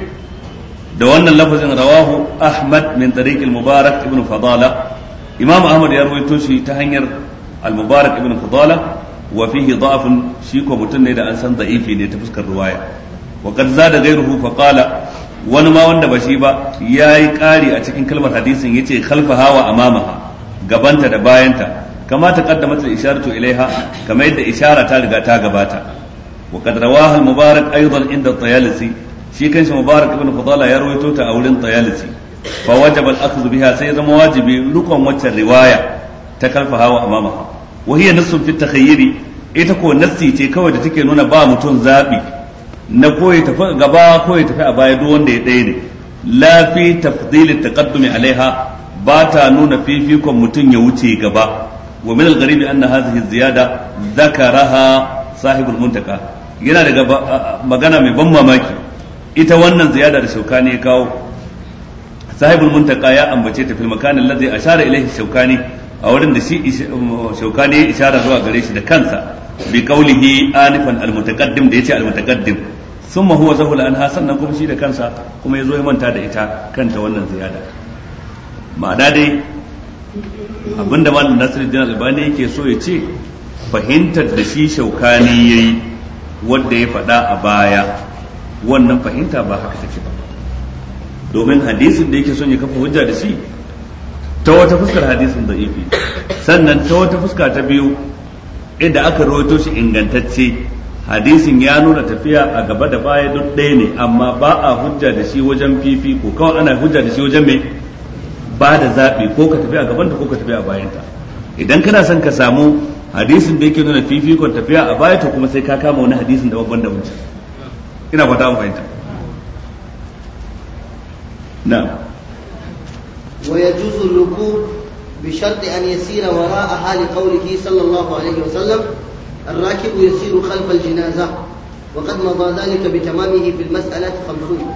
da wannan lafazin rawahu ahmad min tariq al ibn fadala imam ahmad ya rawaito shi ta hanyar almubarak ibn fadala wa fihi da'fun shi ko mutum ne da an san za'ifi ne ta fuskar riwaya wa qad zada ghayruhu fa wani ma wanda bashi ba ya yi yayi a cikin kalmar hadisin ya ce kalfa hawa amamaha gabanta da bayanta kamata ta qaddamata al-isharatu ilaiha kamar yadda ishara ta riga ta gabata وقد رواها المبارك أيضا عند الطيالسي شي كانش مبارك ابن فضالة يروي توتا أولين طيالسي فوجب الأخذ بها سيزم واجبي لكم وجه الرواية تكلفها وأمامها وهي نص في التخيير ita ko nassi ce kawai da take nuna ba mutum zaɓi na ko ya tafi gaba ko tafi a baya duk wanda ya ɗaya ne la fi tafdilin taqaddumi alaiha ba ta nuna fifikon mutum ya wuce gaba wa min al-gharibi anna sahibul muntaka yana daga magana mai ban mamaki ita wannan ziyada da shaukani ya kawo sahibul muntaka ya ambace ta fil makan alladhi ashara ilayhi shaukani a wurin da shi um, shaukani ya ishara zuwa gare shi da kansa bi qawlihi anifan al mutaqaddim da yace al mutaqaddim summa huwa zahul anha sannan kuma shi da kansa kuma yazo ya manta da ita kanta wannan ziyada ma'ana dai abinda malam nasiruddin albani yake so ya ce fahimtar da shi shaukani yayi wanda ya faɗa a baya wannan fahimta ba haka take ba domin hadisin da yake son ya kafa hujja da shi ta wata fuskar hadisin da ifi sannan ta wata fuska ta biyu inda aka rawaito shi ingantacce hadisin ya nuna tafiya a gaba da baya duk ɗaya ne amma ba a hujja da shi wajen fifi ko kawai ana hujja da shi wajen mai ba da zaɓi ko ka tafi a da ko ka tafi a bayanta idan kana son ka samu hadisin da yake nuna fifikon tafiya a baya to kuma sai ka kama wani hadisin da babban da ina fata an fahimta na'am wa yajuzu ruku bi sharti an yasira a hali qawlihi sallallahu alaihi wa sallam jinaza. يسير خلف الجنازة fi مضى ذلك بتمامه في المسألة خمسون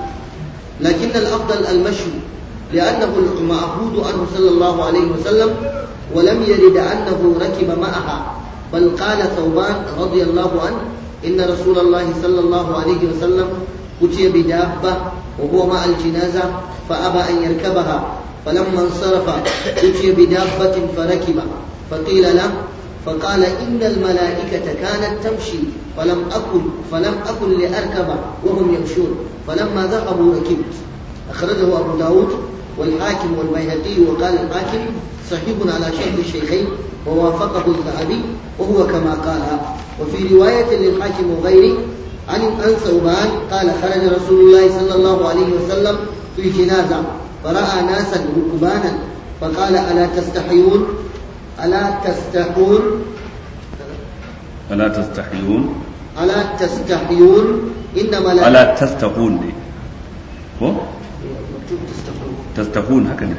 لكن الأفضل المشي لأنه المعهود عنه صلى الله عليه وسلم ولم يرد أنه ركب معها بل قال ثوبان رضي الله عنه إن رسول الله صلى الله عليه وسلم أتي بدابة وهو مع الجنازة فأبى أن يركبها فلما انصرف أتي بدابة فركب فقيل له فقال إن الملائكة كانت تمشي فلم أكن فلم أكن لأركب وهم يمشون فلما ذهبوا ركبت أخرجه أبو داود والحاكم والبيهقي وقال الحاكم صحيح على شهر الشيخين ووافقه الذهبي وهو كما قال وفي رواية للحاكم وغيره عن عن ثوبان قال خرج رسول الله صلى الله عليه وسلم في جنازة فرأى ناسا ركبانا فقال ألا تستحيون ألا تستحون ألا تستحيون ألا تستحيون إنما لا ألا تستحون لي هو مكتوب تستحون tastahun haka ne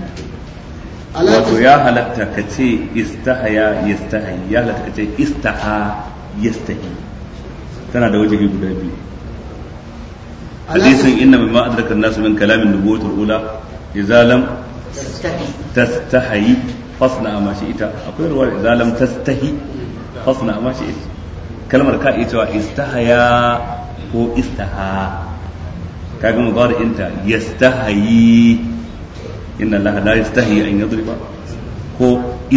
wato ya halatta ka ce istahaya yastahi ya halatta ka ce istaha yastahi tana da wajibi guda biyu hadisin inna mimma adraka an-nas min kalamin nubuwatul ula idza lam tastahi fasna ma ita akwai ruwaya idza lam tastahi fasna ma ita kalmar ka iya cewa istahaya ko istaha kaga mudari'inta yastahayi inna allaha la yastahi an yadriba ko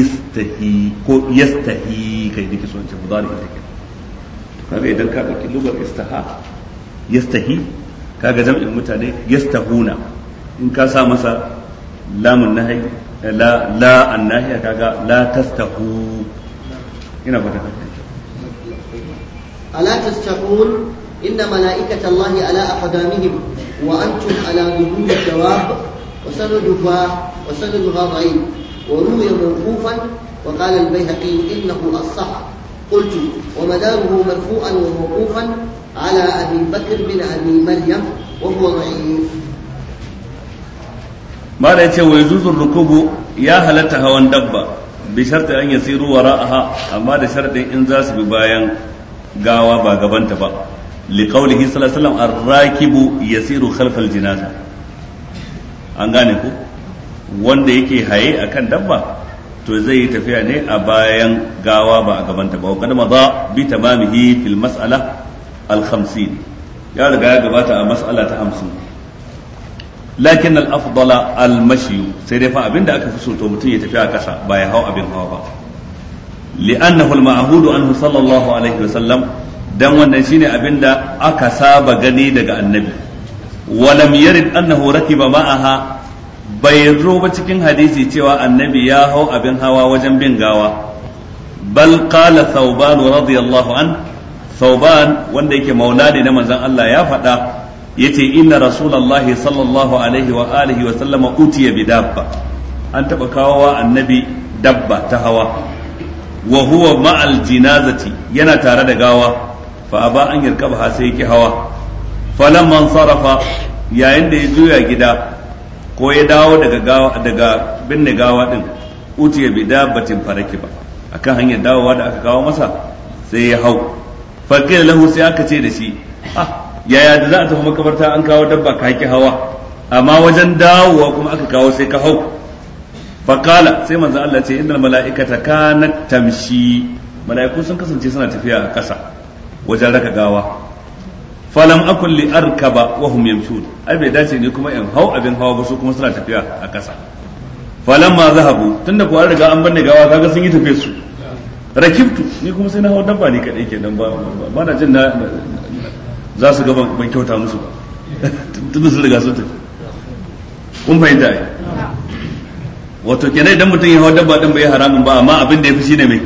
istahi ko yastahi kai dake so ce mudari take kaga idan ka dauki lugar istaha yastahi kaga jam'in mutane yastahuna in ka sa masa lamun nahi eh, la la annahiya kaga la tastahu ina fata ala tastahun inna malaikata allahi ala aqdamihim wa antum ala dhuhuri dawab وسندها وسندها ضعيف وروي موقوفا وقال البيهقي انه الصح قلت ومداره مرفوعا وموقوفا على ابي بكر بن ابي مريم وهو ضعيف ما لا يتي ويجوز الركوب يا هلتها واندبا بشرط ان يسيروا وراءها اما ده شرط ان ذاس ببايان غاوا با غبنتا با لقوله صلى الله عليه وسلم الراكب يسير خلف الجنازه an gane ku wanda yake haye a kan dabba to zai yi tafiya ne a bayan gawa ba a gabanta ba wakana ma ba bi tamamihi fil mas'ala al khamsin ya riga ya gabata a mas'ala ta hamsin lakin al afdala al mashi sai dai fa abinda aka fi so to mutum ya tafi a kasa ba ya hau abin hawa ba li'annahu al ma'hudu anhu sallallahu alaihi wa sallam dan wannan shine abinda aka saba gani daga annabi walam yarid annahu rakiba ma'aha bai ba cikin hadisi cewa annabi ya hau abin hawa wajen bin gawa bal qala thawban radiyallahu an thawban wanda yake maula ne na manzon Allah ya faɗa ya ce inna rasulullahi sallallahu alaihi wa alihi wa sallama utiya bi dabba an taba kawowa annabi dabba ta hawa Wahuwa huwa ma'al jinazati yana tare da gawa fa aba an yarkaba sai yake hawa man sarrafa yayin da ya juya gida ko ya dawo daga binne gawa din utiya bi dabbatin faraki ba akan hanyar dawowa da aka kawo masa sai ya hau fakila lahu sai aka ce da shi a ah, yaya da za a tafi makamarta an kawo dabba ka ki hawa amma wajen dawowa kuma aka kawo sai ka hau fakala sai manzo Allah ce innal mala'ikata kanat tamshi mala'iku sun kasance suna tafiya a kasa wajen raka gawa falam akun li arkaba wa hum yamshun ai bai dace ne kuma in hau abin hawa ba su kuma suna tafiya a ƙasa falam ma zahabu tunda ko an riga an banne gawa kaga sun yi tafiya su rakibtu ni kuma sai na hau dabba ne kadai kenan ba ba na jin na za su ga ban kyauta musu ba tunda sun riga sun tafi kun fahimta ai wato kenan idan mutum ya hau dabba din bai haramun ba amma abin da ya fi shine mai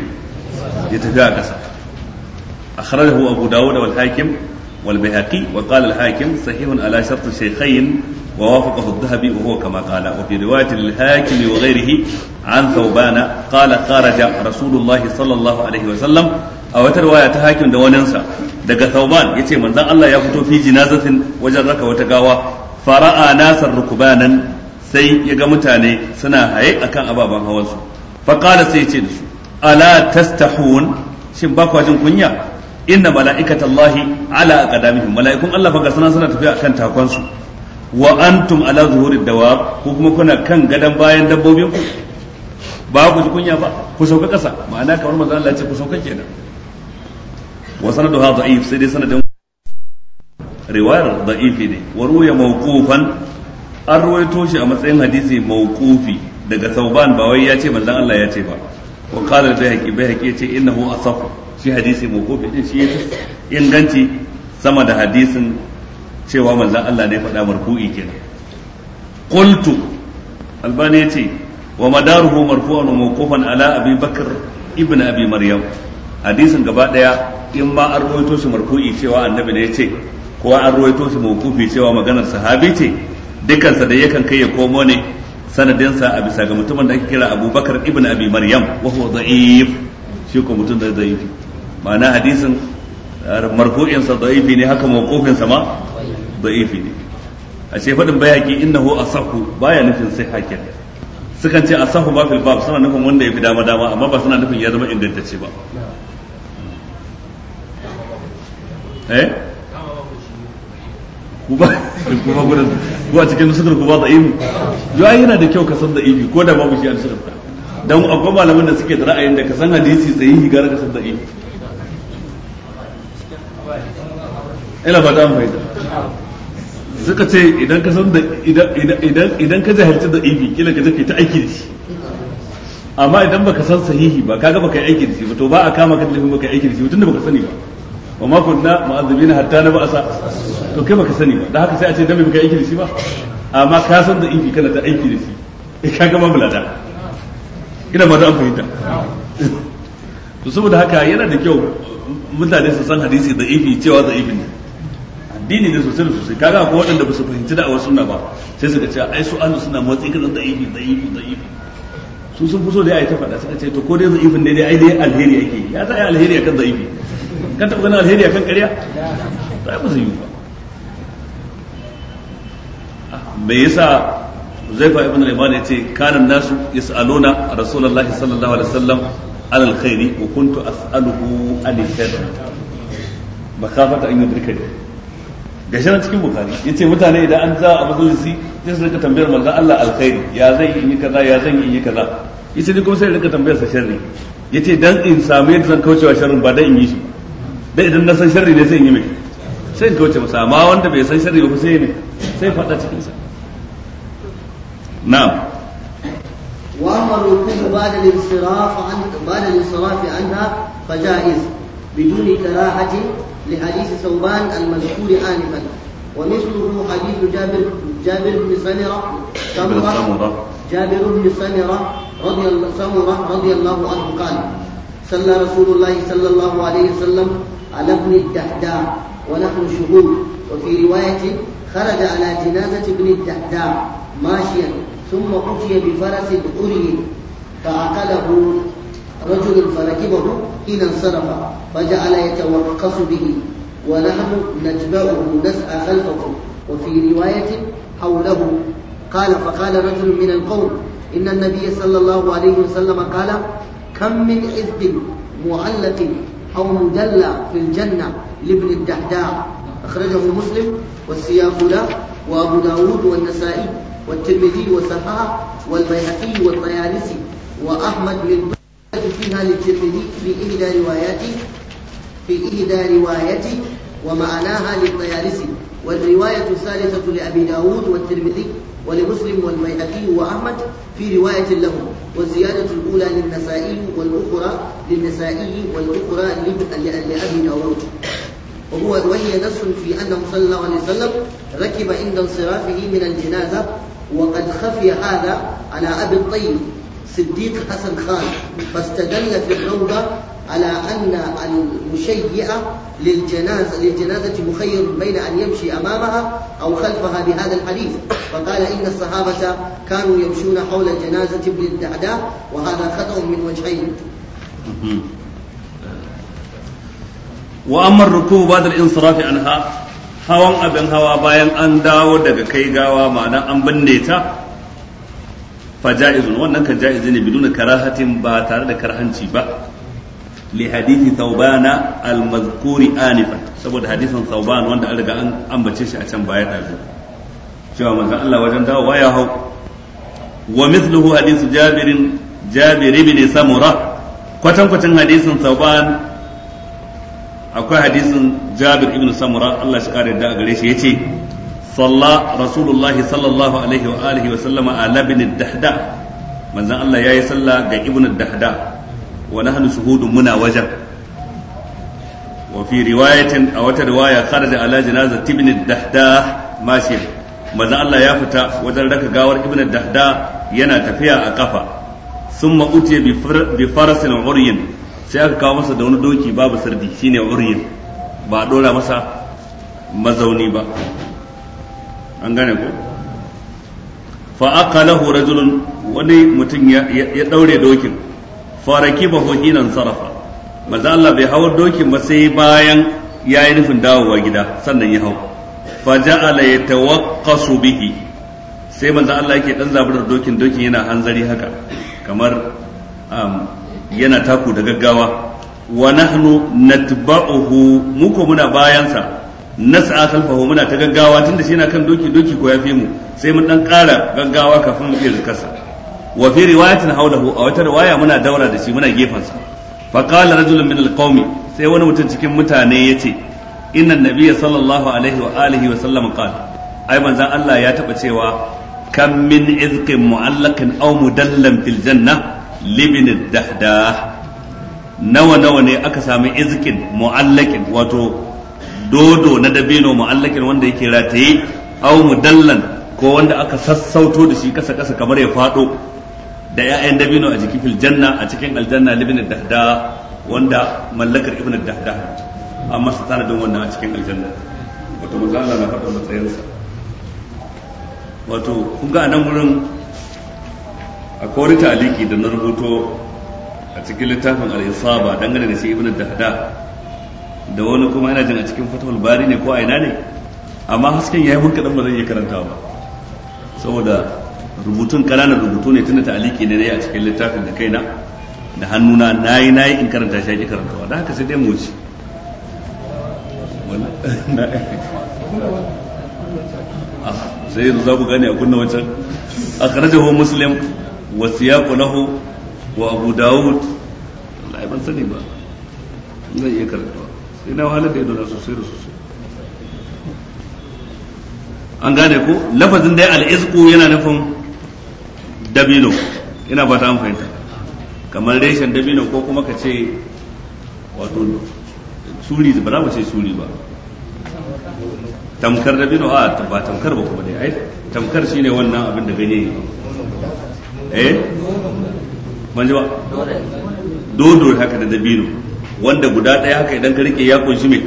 ya tafi a ƙasa akhrajahu abu dawud wal hakim والبيهقي وقال الحاكم صحيح على شرط الشيخين ووافقه الذهبي وهو كما قال وفي رواية للحاكم وغيره عن ثوبان قال خرج رسول الله صلى الله عليه وسلم أو رواية حاكم دوننسا دقى ثوبان يتي من الله يفتو في جنازة وجرك وتقاوى فرأى ناسا ركبانا سي يقمتاني سنا هاي أكان أبابا هوانسو فقال سيتي ألا تستحون شباك واجن كنيا inna mala'ikatallahi ala aqdamihim mala'ikun Allah fa gasana suna tafiya akan takon su wa antum ala zuhurid dawab ko kuma kuna kan gadan bayan dabbobin ku ba ku ji kunya ba ku sauka kasa ma'ana kamar manzo Allah ya ce ku sauka kenan wa sanadu ha da'if sai dai sanadin riwayar da'ifi ne wa ruya mawqufan an ruwaito shi a matsayin hadisi mawqufi daga sauban ba wai ya ce manzon Allah ya ce ba wa qala bayhaqi bayhaqi ya ce innahu asaf shi hadisi mawqufi din shi inganci sama da hadisin cewa manzon Allah ne faɗa marfu'i kenan qultu albani yace wa madaruhu marfu'an mawqufan ala abi bakr ibn abi maryam hadisin gaba daya in ma an ruwaito shi marfu'i cewa annabi ne yace ko an ruwaito shi mawqufi cewa maganar sahabi ce sa da yakan kai ya komo ne sanadinsa a bisa ga mutumin da ake kira abubakar ibn abi maryam wa huwa da'if shi ko mutum da da'ifi ma'ana hadisin eh, marfu'in sa da'ifi ne haka mawqufin sa ma da'ifi ne a ce fadin bayaki innahu asahu baya nufin sai hakin sukan ce asahu ba fil bab suna nufin wanda ya fi dama dama amma ba suna nufin ya zama indantacce ba eh kuma kuma gurin kuma cikin sukar ku ba da imu yo ai yana da kyau ka san da ko da babu shi a nusukar dan akwai malaman da suke da ra'ayin da ka san hadisi tsayi gara ka san da ina ba ta mai suka ce idan ka san da idan ka jahilci da ibi kila ka take ta aiki da shi amma idan baka san sahihi ba kaga baka yi aiki da shi ba to ba a kama ka laifin baka yi aiki da shi tunda baka sani ba wa ma kunna mu'azzibina hatta na ba'asa to kai baka sani ba da haka sai a ce dan baka yi aiki da shi ba amma ka san da ibi kana ta aiki da shi eh kaga ba bulada ina ba da an fahimta to saboda haka yana da kyau mutane su san hadisi da ibi cewa da ibi ne Dini ne sosai da sosai kaga ko waɗanda ba su fahimci da awar sunna ba sai suka ce ai su ahlus suna motsi kan da'ifi da'ifi da'ifi su sun fi so da yi ta faɗa suka ce to ko dai da'ifin ne dai ai dai alheri yake ya za a alheri akan da'ifi kan taɓa ganin alheri akan ƙarya ta ba zai yi ba me yasa Zaifa ibn al-Iman ya ce kanan nasu yas'aluna Rasulullahi sallallahu alaihi wasallam alal khairi wa kuntu as'aluhu anil sharri makhafata an yudrikani ga shi cikin bukari ya ce mutane idan an za a majalisi sai su rika tambayar manzan Allah alkhairi ya zan yi yi kaza ya zan yi yi kaza ya ce kuma sai rika tambayar sa sharri ya ce dan in samu yadda zan kaucewa sharrin ba dan in yi shi dan idan na san sharri ne sai in yi mai sai in kauce masa amma wanda bai san sharri ba sai ne sai faɗa cikin sa na'am وأما الوقوف بعد الانصراف عن بعد الانصراف عنها فجائز بدون كراهة لحديث ثوبان المذكور آنفا ومثله حديث جابر جابر بن سمرة جابر بن سمرة رضي الله رضي الله عنه قال صلى رسول الله صلى الله عليه وسلم على ابن الدحداء ونحن شهود وفي رواية خرج على جنازة ابن الدحداء ماشيا ثم أتي بفرس عري فعقله رجل فركبه حين انصرف فجعل يتوقف به ونحن نتبعه نسعى خلفه وفي رواية حوله قال فقال رجل من القوم إن النبي صلى الله عليه وسلم قال كم من إذ معلق أو مدلى في الجنة لابن الدحداع أخرجه مسلم والسياق له وأبو داود والنسائي والترمذي وسحاه والبيهقي والطيالسي وأحمد من فيها للترمذي في إحدى رواياته في إحدى روايته ومعناها للطيالسي والرواية الثالثة لأبي داود والترمذي ولمسلم والبيهقي وأحمد في رواية لهم والزيادة الأولى للنسائي والأخرى للنسائي والأخرى لأبي داود وهو وهي نص في أنه صلى الله عليه وسلم ركب عند انصرافه من الجنازة وقد خفي هذا على أبي الطيب صديق حسن خان فاستدل في الروضة على أن المشيئ للجنازة, للجنازة مخير بين أن يمشي أمامها أو خلفها بهذا الحديث فقال إن الصحابة كانوا يمشون حول الجنازة ابن الدعداء وهذا خطأ من وجهين وأما الركوب بعد الانصراف عنها hawan abin hawa bayan an dawo daga kai gawa ma'ana an binne ta fa ja'izun wannan kan ja'izi ne biduna karahatin ba tare da karhanci ba li hadithi thawbana al mazkuri anifan saboda hadisin thawban wanda an riga an ambace shi a can baya dazu cewa manzon Allah wajen dawo waya hau wa mithluhu hadithu jabirin jabir ibn samura kwatan kwatan hadisin thawban akwai hadisin jabir ibn samura Allah shi kare da gare shi yace صلى رسول الله صلى الله عليه وآله وسلم على ابن الدحداء من زال الله يا صلى ابن الدحداء ونحن شهود منا وجب وفي رواية أو رواية خرج على جنازة ابن الدحداء ماشيا من زال الله يفتى وجل لك قاور ابن الدحداء ينا تفيا أقفا ثم أتي بفرس عري sai aka kawo masa da wani doki babu sardi shine uryin ba a dora masa mazauni ba an gane ko fa aqalahu rajulun wani mutum ya daure dokin faraki ba hinan sarafa maza Allah bai hawo dokin ba sai bayan yayi nufin dawowa gida sannan ya hau fa ja'ala yatawaqqasu bihi sai manzo Allah yake dan zaburar dokin dokin yana hanzari haka kamar um, yana taku da gaggawa wa nahnu natba'uhu muku muna bayansa nas'a khalfahu muna ta gaggawa tunda shi yana kan doki doki ko ya fi mu sai mun dan ƙara gaggawa kafin mu iya kasa wa fi riwayatin hawlahu a wata riwaya muna daura da shi muna sa. fa qala rajulun min alqawmi sai wani mutum cikin mutane yace inna nabiyya sallallahu alaihi wa alihi wa sallam qala ai manzon Allah ya taba cewa kam min izqin mu'allakin aw mudallam fil janna libin dahdah nawa nawa ne aka sami izqin mu'allakin wato dodo na dabino mu'allakin wanda yake rataye aw mudallan ko wanda aka sassauto da shi kasa kasa kamar ya fado da 'ya'yan dabino a jikin filjanna a cikin aljanna libin dahda wanda mallakar ibn dahda amma su don wannan a cikin aljanna wato manzo Allah na faɗa matsayinsa wato kun ga nan wurin a kori taliki da na rubuto a cikin littafin al-isaba dangane da shi ibn dahda da wani kuma yana jin a cikin fatahul bari ne ko a ina ne amma hasken ya yi hun kaɗan ba zai iya karanta ba saboda rubutun kananan rubutu ne tunda ta'aliki ne na yi a cikin littafin da kaina da hannuna na yi na yi in karanta shi ake karantawa da haka sai dai mu ci sai yanzu za ku gane a kunna wancan a karajahu muslim wa siyaku lahu wa abu dawud ban sani ba zai iya karantawa ina wahalar da dora sosai da sosai an gane ko lafazin dai al'izku yana nufin dabino ina ba ta an kamar reshen dabino ko kuma ka ce wato suri ba za mu ce suri ba tamkar dabino a ba tamkar ba kuma dai ai tamkar shine wannan abin da ganye eh manji ba dodo haka da dabino wanda guda ɗaya haka idan ka rike ya kunshi mai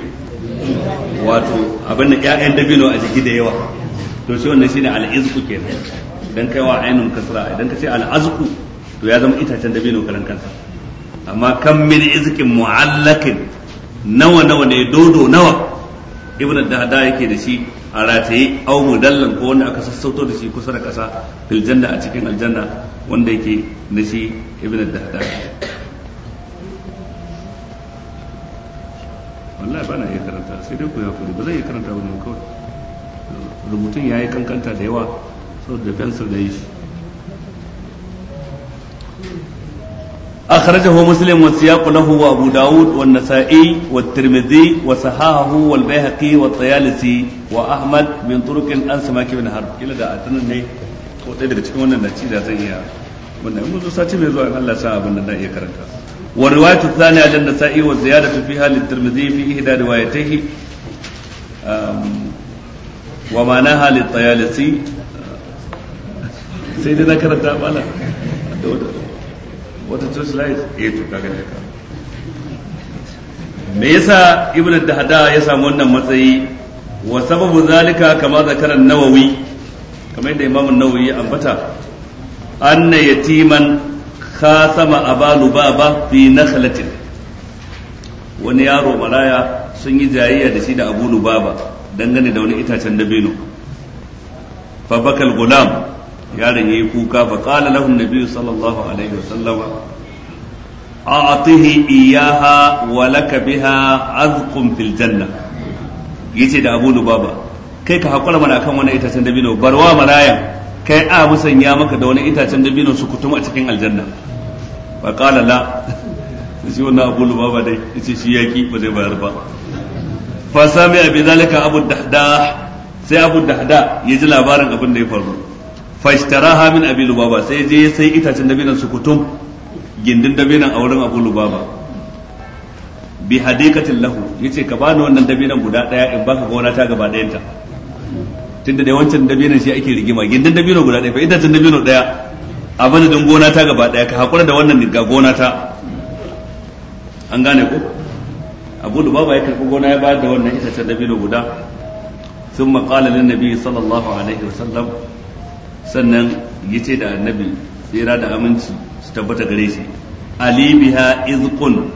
wato abin da ƴaƴan dabino a jiki da yawa to shi wannan shine al'izku kenan idan kai wa ainun kasra idan ka ce al'azku to ya zama itacen dabino karan kansa amma kan min izkin mu'allakin nawa nawa ne dodo nawa ibnu dahda yake da shi a rataye au mudallan ko wanda aka sassauto da shi kusa da kasa fil janna a cikin aljanna wanda yake na shi ibnu dahda ba na iya karanta sai dai ku ya ba zai iya karanta ba ne kawai rubutun ya yi kankanta da yawa da fensir da yi shi wa nasa'i wa له wa sahahu والنسائي والترمذي وصححه والبيهقي wa وأحمد من طرق عن سماك بن حرب إلى da ne ko ɗaya daga cikin wannan da zan iya wannan mun zo mai zuwa in Allah sa abin da iya karanta والرواية الثانية عن النسائي والزيادة فيها للترمذي في إحدى روايته ومعناها للطيالسي سيدي ذكر التعبالة وتتوش لايس إيه تبقى me yasa ibn dahda ya samu wannan matsayi wa sababu zalika kama zakara nawawi kamar da imam nawawi ya ambata anna yatiman khasama abalu baba fi nakhlatin wani yaro maraya sun yi jayayya da shi da abu baba dangane da wani itacen dabino fa bakal gulam yaron yayi kuka fa qala lahu nabiyyu sallallahu alaihi sallama. a'tihi iyaha wa lak biha azqum fil janna yace da abu baba kai ka hakura mana akan wani itacen dabino barwa marayan kai a musanya maka da wani itacen dabino su kutum a cikin aljanna ba kala la shi wannan abu lubaba dai yace shi yaki ba zai bayar ba fa sami abi zalika abu dahda sai abu dahda ya ji labarin abin da ya faru fa ishtaraha min abi lubaba sai je sai itacen dabinan su kutum gindin dabinan a wurin abu lubaba bi hadikatin lahu yace ka bani wannan dabinan guda daya in baka gona ta gaba dayanta tunda da wancan dabinon shi ake rigima gindin dabino guda ɗaya fa tun dabino ɗaya a madadin gona ta gaba ɗaya ka haƙura da wannan ga gona ta an gane ko abu da baba ya karɓi gona ya bayar da wannan itacen dabino guda sun maƙala lin nabi sallallahu alaihi wa sallam sannan ya ce da annabi tsira da aminci su tabbata gare shi ali biha izqun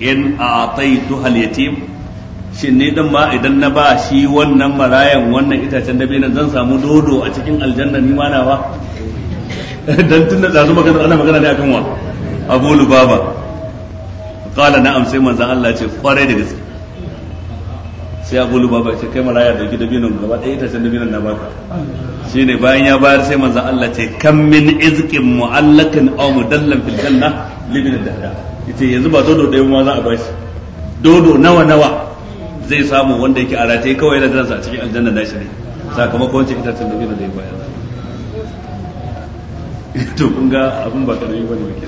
in a'taytuha al-yatim shin ne din ma idan na ba shi wannan marayan wannan itacen dabinan zan samu dodo a cikin aljanna ni ma nawa dan tun da zazu magana ana magana ne akan wa Abu Lubaba qala na'am sai manzon Allah ce kware da gaske sai Abu Lubaba ce kai maraya da gida dabinan gaba ɗaya itacen dabinan na baka shine bayan ya bayar sai manzon Allah ce kam min izqin mu'allakan aw mudallan fil janna libin dahda ita yanzu ba dodo ɗaya ma za a ba shi dodo nawa nawa zai samu wanda yake a kawai yana jiransa a cikin aljanna na shi ne sakamakon wancan itacen dabino da ya bayar to kun ga abin ba karami bane muke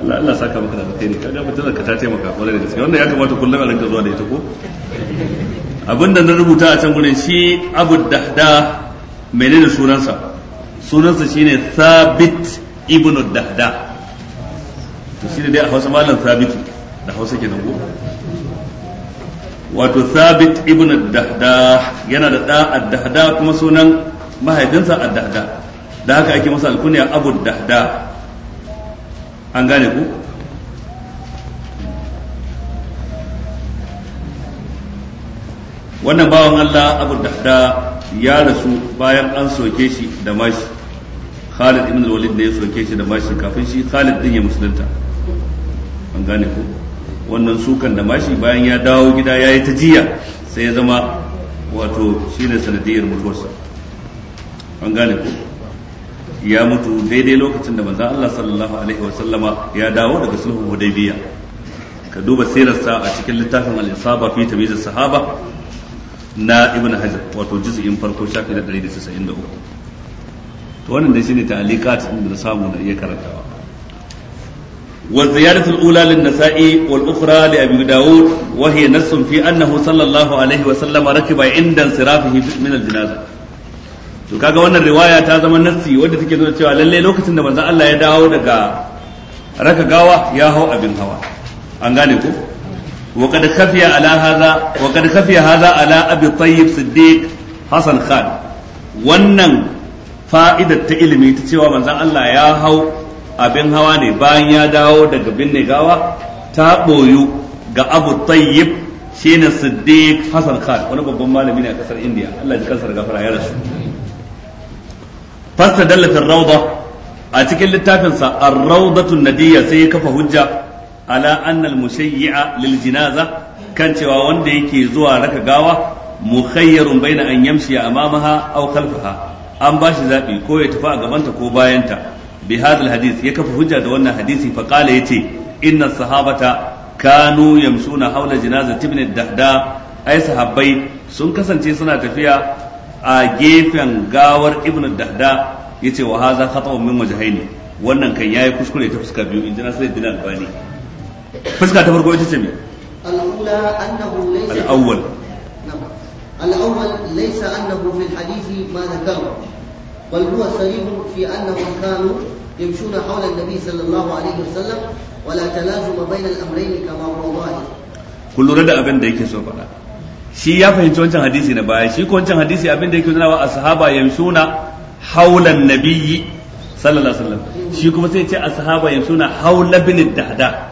Allah Allah saka maka da ka kaga mutum ka ta taimaka kwarai da gaske wannan ya kamata kullum a rinka zuwa da ita ko da na rubuta a can gurin shi Abu Dahda menene sunansa sunansa shine Thabit ibn Dahda to shine dai a Hausa malam Thabit da hausa ke nan wato thabit ibn dahda yana da da dahda kuma sunan mahaifinsa dahda da haka ake masa alkuniya abu dahda an gane ku wannan bawan Allah abu dahda ya rasu bayan an soke shi da mashi Khalid ibn walid ne ya soke shi da mashi kafin shi Khalid din ya musulunta an gane ku wannan sukan da mashi bayan ya dawo gida ya yi ta jiya sai ya zama wato shine sanadiyar mutuwarsa an gane ku ya mutu daidai lokacin da manzon Allah sallallahu alaihi wa sallama ya dawo daga sulhun Hudaybiya ka duba sirarsa a cikin littafin al-Isaba fi tamyiz sahaba na Ibn Hajar wato juz'in farko shafi na 193 to wannan dai shine ta'alikat da na samu na iya karantawa والزيادة الأولى للنسائي والأخرى لأبي داود وهي نص في أنه صلى الله عليه وسلم ركب عند انصرافه من الجنازة to kaga wannan riwaya ta zama nassi wadda take nuna cewa lalle lokacin da manzon Allah ya dawo daga raka gawa ya hau abin hawa an gane ku. wa kad khafiya ala hadha wa kad khafiya hadha ala abi tayyib siddiq hasan khan wannan fa'idar ta ilimi ta cewa manzon Allah ya hau abin hawa ne bayan ya dawo daga binne gawa ta ɓoyu ga abu tayyib ne siddiq Hassan khan wani babban malami ne a kasar indiya allah ji kansa da gafara ya rasu fasta dallatin rauda a cikin littafinsa an raudatun nadiya sai ya kafa hujja ala annal mushayyi'a lil jinaza kan cewa wanda yake zuwa raka gawa mukhayyarun baina an yamshi amamaha aw khalfaha an bashi zabi ko ya tafi a gabanta ko bayanta bi hadal hadith ya kafa hujja da wannan hadisi fa ya ce inna sahabata kanu yamsuna haula janazati ibn dahda ai sahabbai sun kasance suna tafiya a gefen gawar ibn dahda yace wahaza hadha khata'un min wajhaini wannan kan yayi kuskure ta fuska biyu injina sai bin albani fuska ta farko ita ce me al-ula annahu laysa al-awwal al-awwal laysa annahu fi al ma dhakara بل هو صريح في أنهم كانوا يمشون حول النبي صلى الله عليه وسلم ولا تلازم بين الأمرين كما هو ظاهر كل رد أبن ديكي سوبنا shi ya fahimci wancan hadisi na baya shi wancan hadisi abin da yake nuna wa ashaba yamshuna haulan nabiyyi sallallahu alaihi wasallam shi kuma sai ya ce ashaba yamshuna haula bin dahda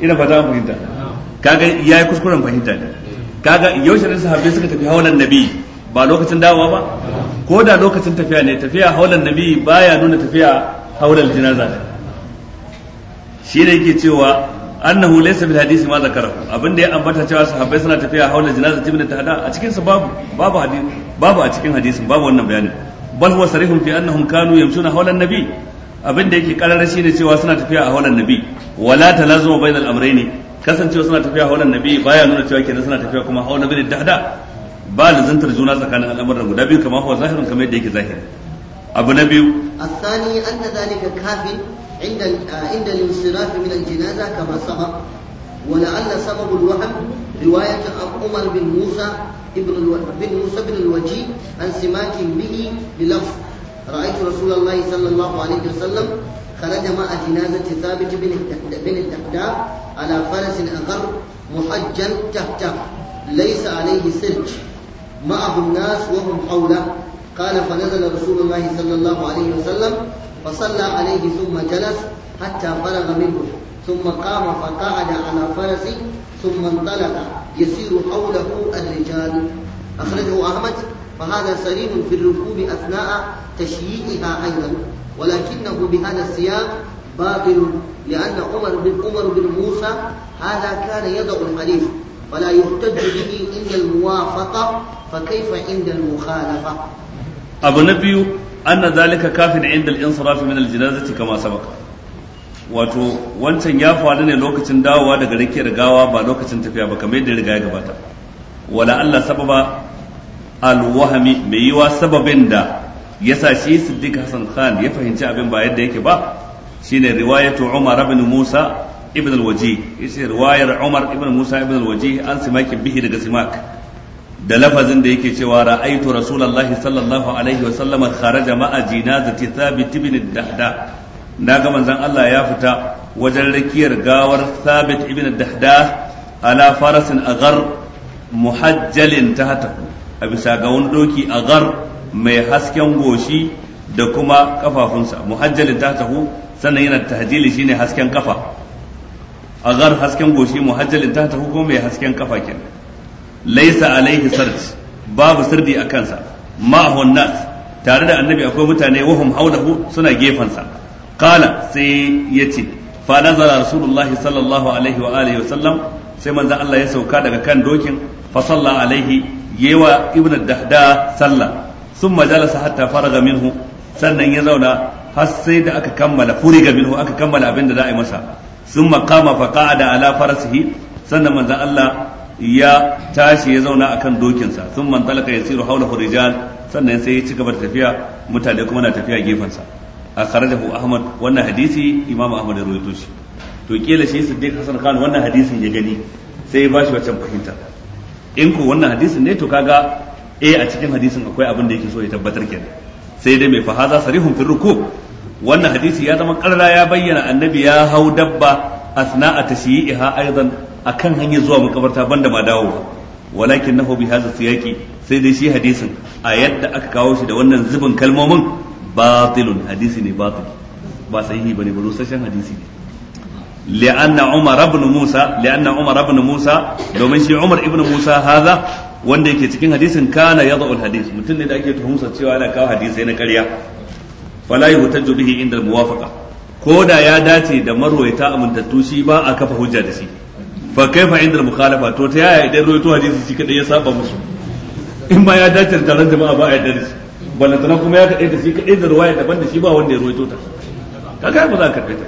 ina fata mun fahimta kaga yayi kuskuren fahimta ne kaga yaushe ne sahabbai suka tafi haulan nabiyyi ba lokacin dawowa ba ko da lokacin tafiya ne tafiya haulan nabi baya nuna tafiya haulan jinaza shi ne yake cewa annahu laysa bil hadisi ma abin da ya ambata cewa sahabbai suna tafiya haulan jinaza tibin ta hada a cikin sa babu babu hadisi babu a cikin hadisin babu wannan bayanin bal huwa sarihun fi annahum kanu yamshuna haulan nabi abinda yake karara shine cewa suna tafiya a haulan nabi wala talazuma bainal amrayni kasancewa suna tafiya haulan nabi baya nuna cewa kenan suna tafiya kuma haulan nabi da hada ba da zantar juna tsakanin al'amuran guda biyu kamar huwa zahirin kamar yadda yake zahiri abu na biyu zalika kafi inda inda al-insiraf min al-janaza umar bin musa ibn al-wahb bin musa bin al-waji an simaki bihi bilaf ra'aytu rasulullah alaihi wasallam معه الناس وهم حوله قال فنزل رسول الله صلى الله عليه وسلم فصلى عليه ثم جلس حتى فرغ منه ثم قام فقعد على فرسه ثم انطلق يسير حوله الرجال أخرجه أحمد فهذا سليم في الركوب أثناء تشييعها أيضا ولكنه بهذا السياق باطل لأن عمر بن عمر بن موسى هذا كان يضع الحديث ولا يحتج به عند الموافقة فكيف عند المخالفة أبو نبي أن ذلك كاف عند الانصراف من الجنازة كما سبق wato wancan ya faru ne lokacin dawowa daga rike da gawa ba lokacin tafiya ba kamar yadda riga ya gabata wala Allah sababa alwahami mai yiwa sababin da ya sa shi Siddiq Hassan Khan ya fahimci abin ba yadda yake ba shine riwayatu Umar ibn Musa ibn al-waji yace riwayar umar ibn musa ibn al an simakin bihi daga simak da lafazin da yake cewa ra'aitu rasulullahi sallallahu alaihi wa sallam kharaja ma'a jinazati thabit ibn dahda naga manzon Allah ya fita wajen rakiyar gawar thabit ibn dahda ala farasin agar muhajjalin tahta a bisa ga wani doki agar mai hasken goshi da kuma kafafunsa muhajjalin tahtahu sannan yana tahjili shine hasken kafa agar hasken goshi muhajjalin ta ta hukumu mai hasken kafa kin laisa alaihi sarj babu sirdi a kansa ma'ahun nas tare da annabi akwai mutane wahum haulahu suna sa kala sai ya ce fa nazara rasulullahi sallallahu alaihi wa alihi wasallam sai manzo Allah ya sauka daga kan dokin fa salla alaihi yewa ibn dahda salla thumma jalasa hatta faraga minhu sannan ya zauna har sai da aka kammala furiga minhu aka kammala abin da za a yi masa sun makama faƙa da ala farasihi sannan manzan Allah ya tashi ya zauna akan dokinsa sun man talaka ya siru haula rijal sannan sai ya ci gaba da tafiya mutane kuma na tafiya gefensa a kharajahu ahmad wannan hadisi imam ahmad ya rawaito shi to kila shi siddiq hasan khan wannan hadisin ya gani sai ya bashi wacce fahimta in ko wannan hadisin ne to kaga eh a cikin hadisin akwai abin da yake so ya tabbatar kenan sai dai mai fahaza sarihun fil rukub wannan hadisi ya zama karra ya bayyana annabi ya hau dabba asna a tashiyiha aidan akan hanyar zuwa makabarta banda ma dawowa walakin nahu bi hadha siyaqi sai dai shi hadisin a yadda aka kawo shi da wannan zubin kalmomin batilun hadisi ne batil ba sahihi bane ba rusashen hadisi ne لأن Umar بن Musa لأن Umar بن Musa domin shi Umar Ibn Musa موسى wanda yake cikin hadisin kana yadda hadisi mutum ne da ake tuhumsa cewa yana kawo hadisi na karya. fala yuhtaju bihi inda muwafaqa ko da ya dace da marwayata amintattu shi ba a kafa hujja da shi fa kaifa inda mukhalafa to ta yaya idan ruwaito hadisi shi kadai ya saba musu in ma ya dace da taron jama'a ba a yadda da shi tana kuma ya kadai da shi kadai da ruwaya daban da shi ba wanda ya ruwaito ta kaga ba za ka karbe ta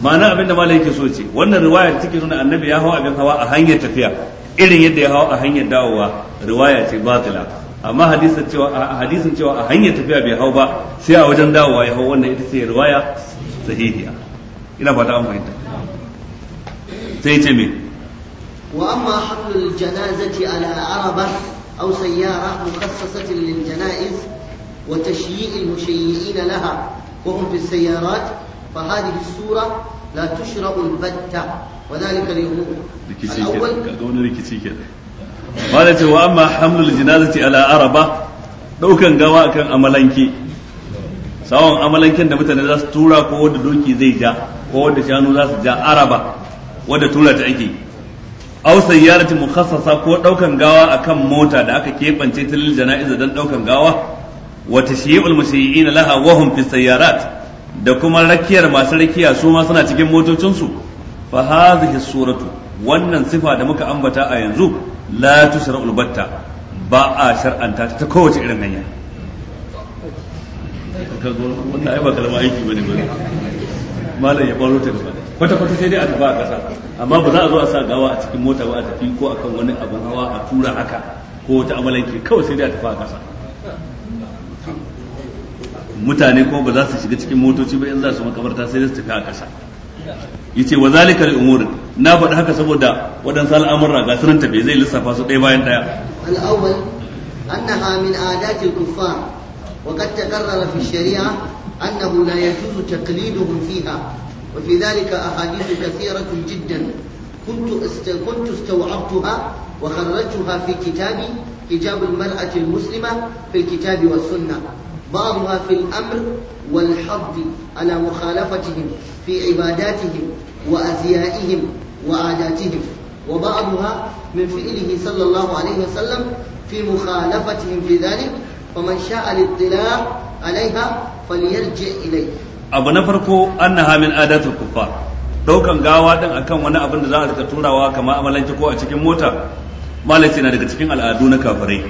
ma'ana abin da malai yake so ce wannan riwaya take nuna annabi ya hawa abin hawa a hanyar tafiya irin yadda ya hawa a hanyar dawowa riwaya ce batila amma hadisin cewa a hadisin cewa a hanyar tafiya bai hau ba sai a wajen dawowa ya hau wannan ita ce riwaya sahihiya ina fata an fahimta sai ce me wa amma hamlul janazati ala araba aw sayyara mukhassasatin lil janaiz wa tashyi'i al mushayyi'in laha wa hum fi sayyarat fa hadhihi as-sura la tushra'u al-batta وذلك اليهود الأول wanda ce wa amma hamlul jinazati ala araba daukan gawa akan amalanke sawon amalanken da mutane za su tura ko wanda doki zai ja ko wanda shanu za su ja araba wanda tura ta ake aw sayyarati mukhassasa ko daukan gawa akan mota da aka kebance ta lil janaiza dan daukan gawa wa tashyi'ul musayyi'ina laha wa hum fi sayyarat da kuma rakiyar masu rakiya su ma suna cikin motocinsu fa hadhihi suratu wannan sifa da muka ambata a yanzu la tusra ulbatta ba a shar'anta ta kowace irin hanya wannan ai ba kalma aiki bane ba malam ya baro ta gaba kwata kwata sai dai a tafi a kasa amma ba za a zo a sa gawa a cikin mota ba a tafi ko akan wani abun hawa a tura haka ko wata amalanke kawai sai dai a tafi a kasa mutane ko ba za su shiga cikin motoci ba in za su makabarta sai dai su tafi a kasa yace wa zalika li umurin na faɗi haka saboda waɗansu al'amurra ga sunan tabe zai lissafa su ɗaya bayan ɗaya al'awwal annaha min adatil kuffar wa qad taqarrara fi shari'a annahu la yajuzu taqliduhum fiha wa fi dhalika ahadith kathiratun jiddan كنت است... كنت استوعبتها وخرجتها في كتابي حجاب المرأة المسلمة في الكتاب والسنة بعضها في الأمر والحض على مخالفتهم في عباداتهم وأزيائهم وعاداتهم وبعضها من فعله صلى الله عليه وسلم في مخالفتهم في ذلك فمن شاء الاطلاع عليها فليرجع إليه abu na farko annaha min adatul kuffar daukan gawa din akan wani abin da za a rika turawa kama amalanci ko a cikin mota malaci na daga cikin al'adu na kafirai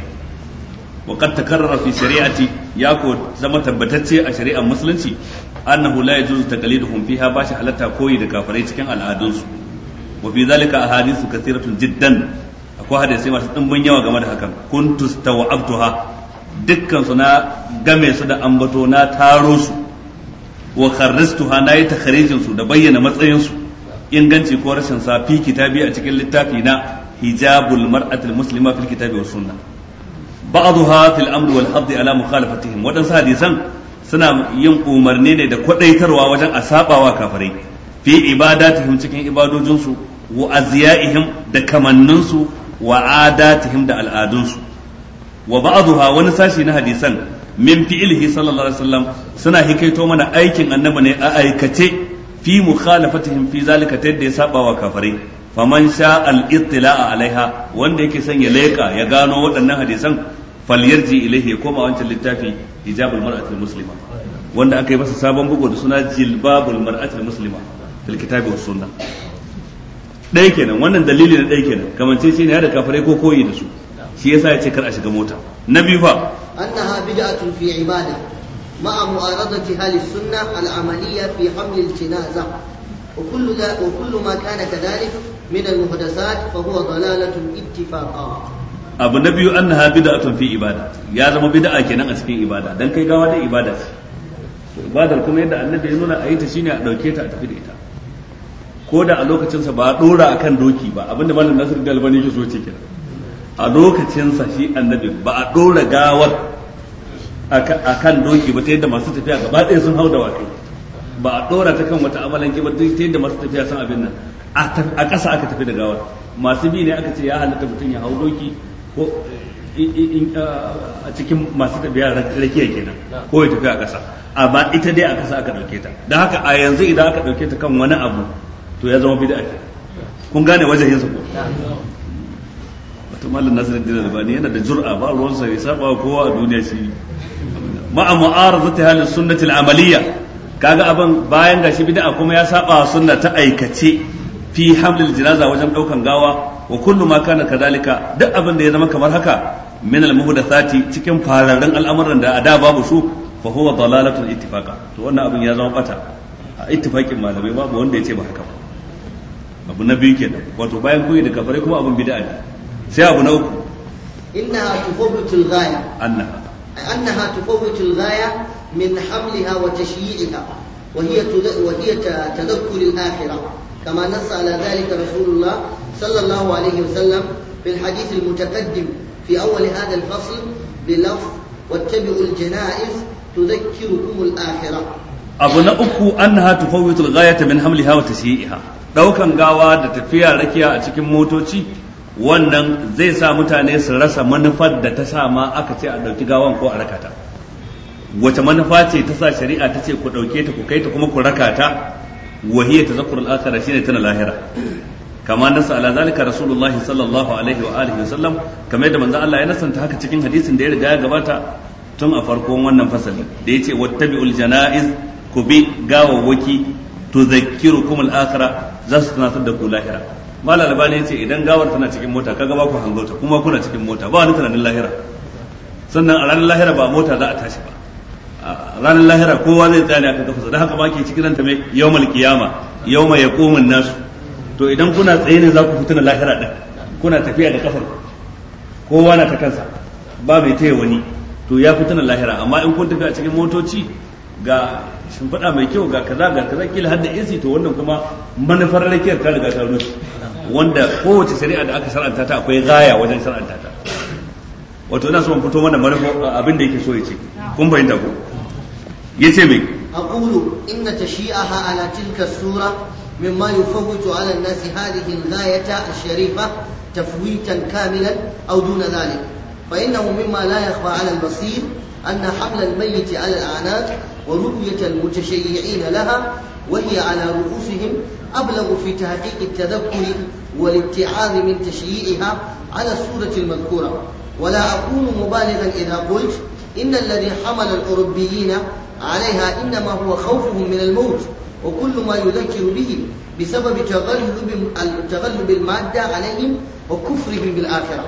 wa qad takarrara fi shari'ati ya ko zama tabbatacce a shari'ar musulunci annahu la yajuzu taqliduhum fiha ba shi halatta koyi da kafirai cikin al'adunsu wa fi zalika ahadithu kathiratun jiddan akwai hadisi masu dimbin yawa game da hakan kuntus tawabtuha dukkan su na game su da ambato na taro su wa kharristuha na yi takharijin su da bayyana matsayin su inganci ko rashin sa fi kitabi a cikin littafi na hijabul mar'atul muslima fil kitabi was sunnah ba'dha fil amr wal hadd ala mukhalafatihim wadansu hadisan suna yin umarni ne da kwadaitarwa wajen a sabawa kafirai fi ibadatihim cikin ibadojinsu wa azyaihim da kamanninsu wa adatihim da al'adunsu wa ba'dha wani sashi na hadisan min fi'lihi sallallahu alaihi wasallam suna hikaito mana aikin annabi ne a aikace fi mukhalafatihim fi zalika ta yadda ya saba wa kafirai faman sha al-ittila'a alaiha wanda yake son ya leka ya gano waɗannan hadisan falyarji ilaihi ya koma wancan littafi hijabul mar'atul muslima wanda aka yi masa sabon bugu da suna jilbabul mar'atul muslima fil kitabi ɗaya kenan wannan dalili na ɗaya kenan kamance shi ne ya da kafirai ko koyi da su shi yasa ya ce kar a shiga mota na biyu fa annaha bid'atun fi ibada ma'a mu'aradati ahli sunnah al-amaliyya fi haml al-jinaza wa kullu da wa kullu ma kana kadhalik min al-muhdathat fa huwa dalalatun ittifaqa abu na biyu annaha bid'atun fi ibada ya zama bid'a kenan a cikin ibada dan kai gawa da ibada ibadar kuma yadda annabi ya nuna a yi ta shine a dauke ta a tafi da ita ko da a lokacinsa ba a dora kan doki ba abinda malam nasir da albani yake so ce kenan a lokacinsa shi annabi ba a dora gawar a kan doki ba ta yadda masu tafiya gaba ɗaya sun hau da wato ba a dora ta kan wata amalanke ba ta yadda masu tafiya sun abin nan a ƙasa aka tafi da gawar masu bi ne aka ce ya halatta mutum ya hau doki ko a cikin masu tafiya rakiya kenan ko ya tafi a ƙasa amma ita dai a ƙasa aka ɗauke ta don haka a yanzu idan aka ɗauke ta kan wani abu to ya zama bid'a kun gane wajen sa ko wato Nasir nasiruddin albani yana da jur'a ba ruwan sa ya saba kowa a duniya shi ma a mu'arazati halin sunnatil amaliyya kaga abin bayan gashi bid'a kuma ya saba sunna ta aikace fi hamlil jinaza wajen daukan gawa wa kullu ma kana kadalika duk abin da ya zama kamar haka min al muhdathati cikin fararren al'amuran da ada babu su fa huwa dalalatun ittifaqa to wannan abin ya zama bata a ittifaqin malamai babu wanda ya ce ba haka ba abu na biyu kenan wato bayan koyi daga kafirai kuma abun bid'a ne sai abu na uku innaha tufawwitul ghaya annaha annaha tufawwitul ghaya min hamliha wa tashyi'iha wa hiya wa hiya tadhakkur al-akhirah kama nassa ala dhalika rasulullah sallallahu alayhi wa sallam في الحديث المتقدم في أول هذا الفصل بلفظ واتبعوا الجنائز تذكركم الآخرة abu na uku annaha tufawwitul ghayata min hamliha wa tasyi'iha daukan gawa da tafiya rakiya a cikin motoci wannan zai sa mutane su rasa manufar da ta sa ma aka ce a dauki gawan ko a rakata wace manufa ce ta sa shari'a ta ce ku dauke ta ku kai ta kuma ku rakata wa hiya al akhirah shine tana lahira kama nasa ala zalika rasulullahi sallallahu alaihi wa alihi wa sallam kamar da manzo Allah ya nasanta haka cikin hadisin da ya riga ya gabata tun a farkon wannan fasali da yace wattabi'ul janaiz ku bi gawawwaki zakiru al-akhirah za su tunatar da ku lahira malal albani yace idan gawar tana cikin mota kaga ba ku hango ta kuma kuna cikin mota ba wani tunanin lahira sannan a ranar lahira ba mota za a tashi ba A ranar lahira kowa zai tsaya ne akan kafa da haka ba ke cikin ta mai yawmal qiyama yawma yaqumun nasu to idan kuna tsaye ne za ku fitina lahira din kuna tafiya da kafar kowa na ta kansa ba mai taya wani to ya fitina lahira amma in kun tafi a cikin motoci ga shimfiɗa mai kyau ga kaza ga kaza kila hadda da to wannan kuma manufar rakiyar ta riga ta rushe wanda kowace shari'a da aka saranta ta akwai gaya wajen saranta ta wato ina so in fito wannan manufar abin da yake so ya ce kun fahimta ko yace me aqulu inna tashi'aha ala tilka sura hadhihi al-ghayata الناس sharifa tafwitan kamilan aw duna dhalik fa innahu mimma la yakhfa ala al-basir أن حمل الميت على الأعناق ورؤية المتشيعين لها وهي على رؤوسهم أبلغ في تحقيق التذكر والابتعاد من تشييعها على الصورة المذكورة ولا أكون مبالغا إذا قلت إن الذي حمل الأوروبيين عليها إنما هو خوفهم من الموت وكل ما يذكر به بسبب تغلب المادة عليهم وكفرهم بالآخرة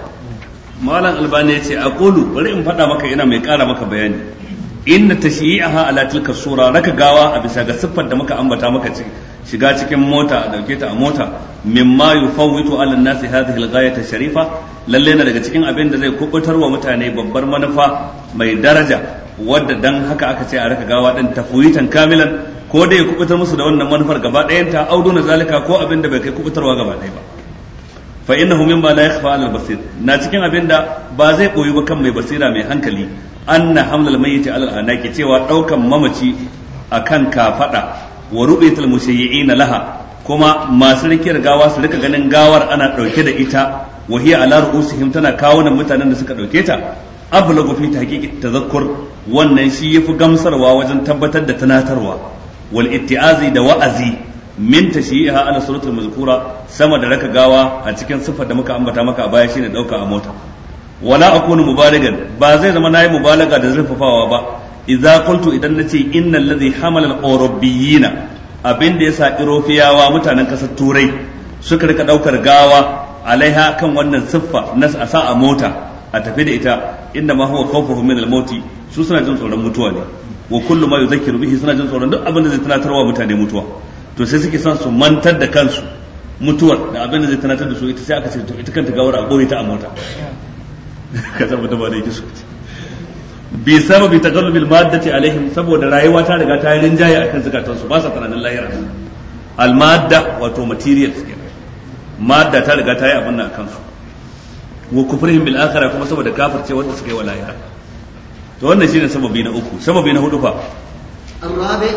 malam albani ya ce a kulu bari in faɗa maka yana mai ƙara maka bayani inda inna tashyi'aha ala tilka sura raka gawa a bisa ga siffar da muka ambata maka ce shiga cikin mota a dauke ta a mota mimma yufawwitu ala nasi hadhihi alghayata sharifa lalle na daga cikin abin da zai kubutar wa mutane babbar manufa mai daraja wadda dan haka aka ce a raka gawa din tafwitan kamilan ko dai ya kubutar musu da wannan manufar gaba ta auduna zalika ko abin da bai kai kubutarwa gaba ɗaya ba fa innahu mimma la yakhfa 'ala al-basir na cikin abin da ba zai koyi ba kan mai basira mai hankali anna hamlal mayyit 'ala al-anaki cewa daukan mamaci akan kafada wa ru'yatul mushayyi'ina laha kuma masu rike gawa su rika ganin gawar ana dauke da ita wa hiya ala ru'usihim tana kawo nan mutanen da suka dauke ta ablagu fi tahqiqi tadhakkur wannan shi yafi gamsarwa wajen tabbatar da tunatarwa wal itti'azi da wa'azi min tashiha ala suratul muzkura sama da raka gawa a cikin siffar da muka ambata maka a baya shine dauka a mota wala akunu mubaligan ba zai zama nayi mubalaga da zurfafawa ba idza qultu idan nace innal ladhi hamala al abin abinda yasa irofiyawa mutanen kasar turai suka rika daukar gawa alaiha kan wannan siffa na sa a mota a tafi da ita inda ma huwa khawfuhum min al mauti su suna jin tsoron mutuwa ne wa kullu ma yuzakkiru bihi suna jin tsoron duk abin da zai tunatarwa mutane mutuwa to sai suke son su mantar da kansu mutuwar da abin da zai tunatar da su ita sai aka ce to ita kanta gawar a goyi ta a mota ka san mutum ba da yake su bi sababi taqallubil maddati alaihim saboda rayuwa ta riga ta yi rinjaye akan zakatun su ba sa tunanin lahira al madda wato material. suke madda ta riga ta yi abin nan akan su wa kufrihim bil akhirah kuma saboda kafirce wanda suke yi wa to wannan shine sababi na uku sababi na hudu fa الرابع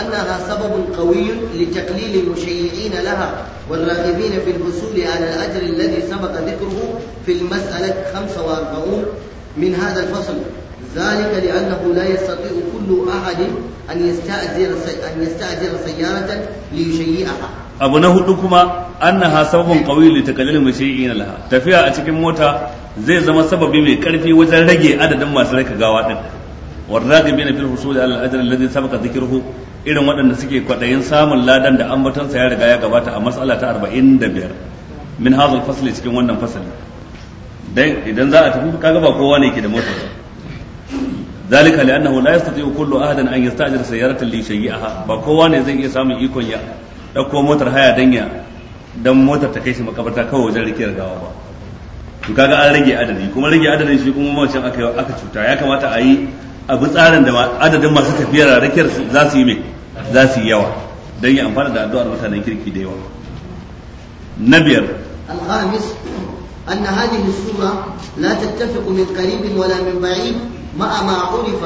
أنها سبب قوي لتقليل المشيعين لها والراغبين في الحصول على الأجر الذي سبق ذكره في المسألة 45 من هذا الفصل ذلك لأنه لا يستطيع كل أحد أن يستأجر أن يستأجر سيارة ليشيعها أبو نهو أنها سبب قوي لتقليل المشيعين لها تفيها mushi'ina laha tafiya a cikin mota zai zama sababi mai karfi wajen rage adadin والراغبين في الحصول على الاجر الذي سبق ذكره irin waɗanda suke kwaɗayin samun ladan da ambatansa ya riga ya gabata a matsala ta 45 min hazal fasli cikin wannan fasali dai idan za a tafi kaga ba kowa ne yake da motar zalika li'annahu la yastati'u kullu ahadin an yasta'jir sayyaratan li shay'iha ba kowa ne zai iya samun ikon ya dauko motar haya dan ya dan motar ta kai shi makabarta kawai wajen rike gawa ba to kaga an rage adadi kuma rage adadin shi kuma mawacin aka aka cuta ya kamata a yi abu tsarin da adadin masu tafiyar rakiyar za su yi mai za su yi yawa don yi amfani da addu'ar mutanen kirki da yawa na biyar الخامس أن هذه السورة لا تتفق من قريب ولا من بعيد مع ما عرف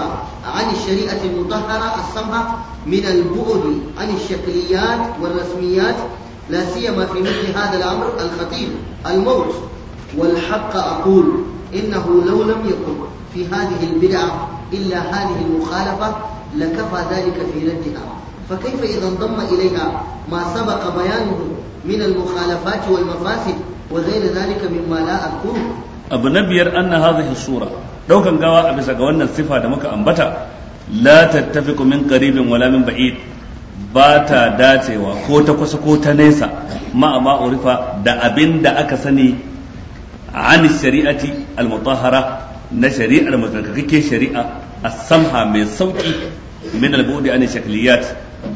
عن الشريعة المطهرة السمحة من البعد عن الشكليات والرسميات لا سيما في مثل هذا الأمر الخطير الموت والحق أقول إنه لو لم يكن في هذه البدع إلا هذه المخالفة لكفى ذلك في ردها فكيف إذا انضم إليها ما سبق بيانه من المخالفات والمفاسد وغير ذلك مما لا أذكره abu na biyar anna hadhihi sura daukan gawa a bisa ga wannan sifa da muka ambata la tattafiqu min qaribin wala min ba ta dacewa ko ta kusa ko ta nesa ma a urifa da abin da aka sani an shari'ati al na shari'ar mu shari'a a samha mai sauki min al-budi an shakliyat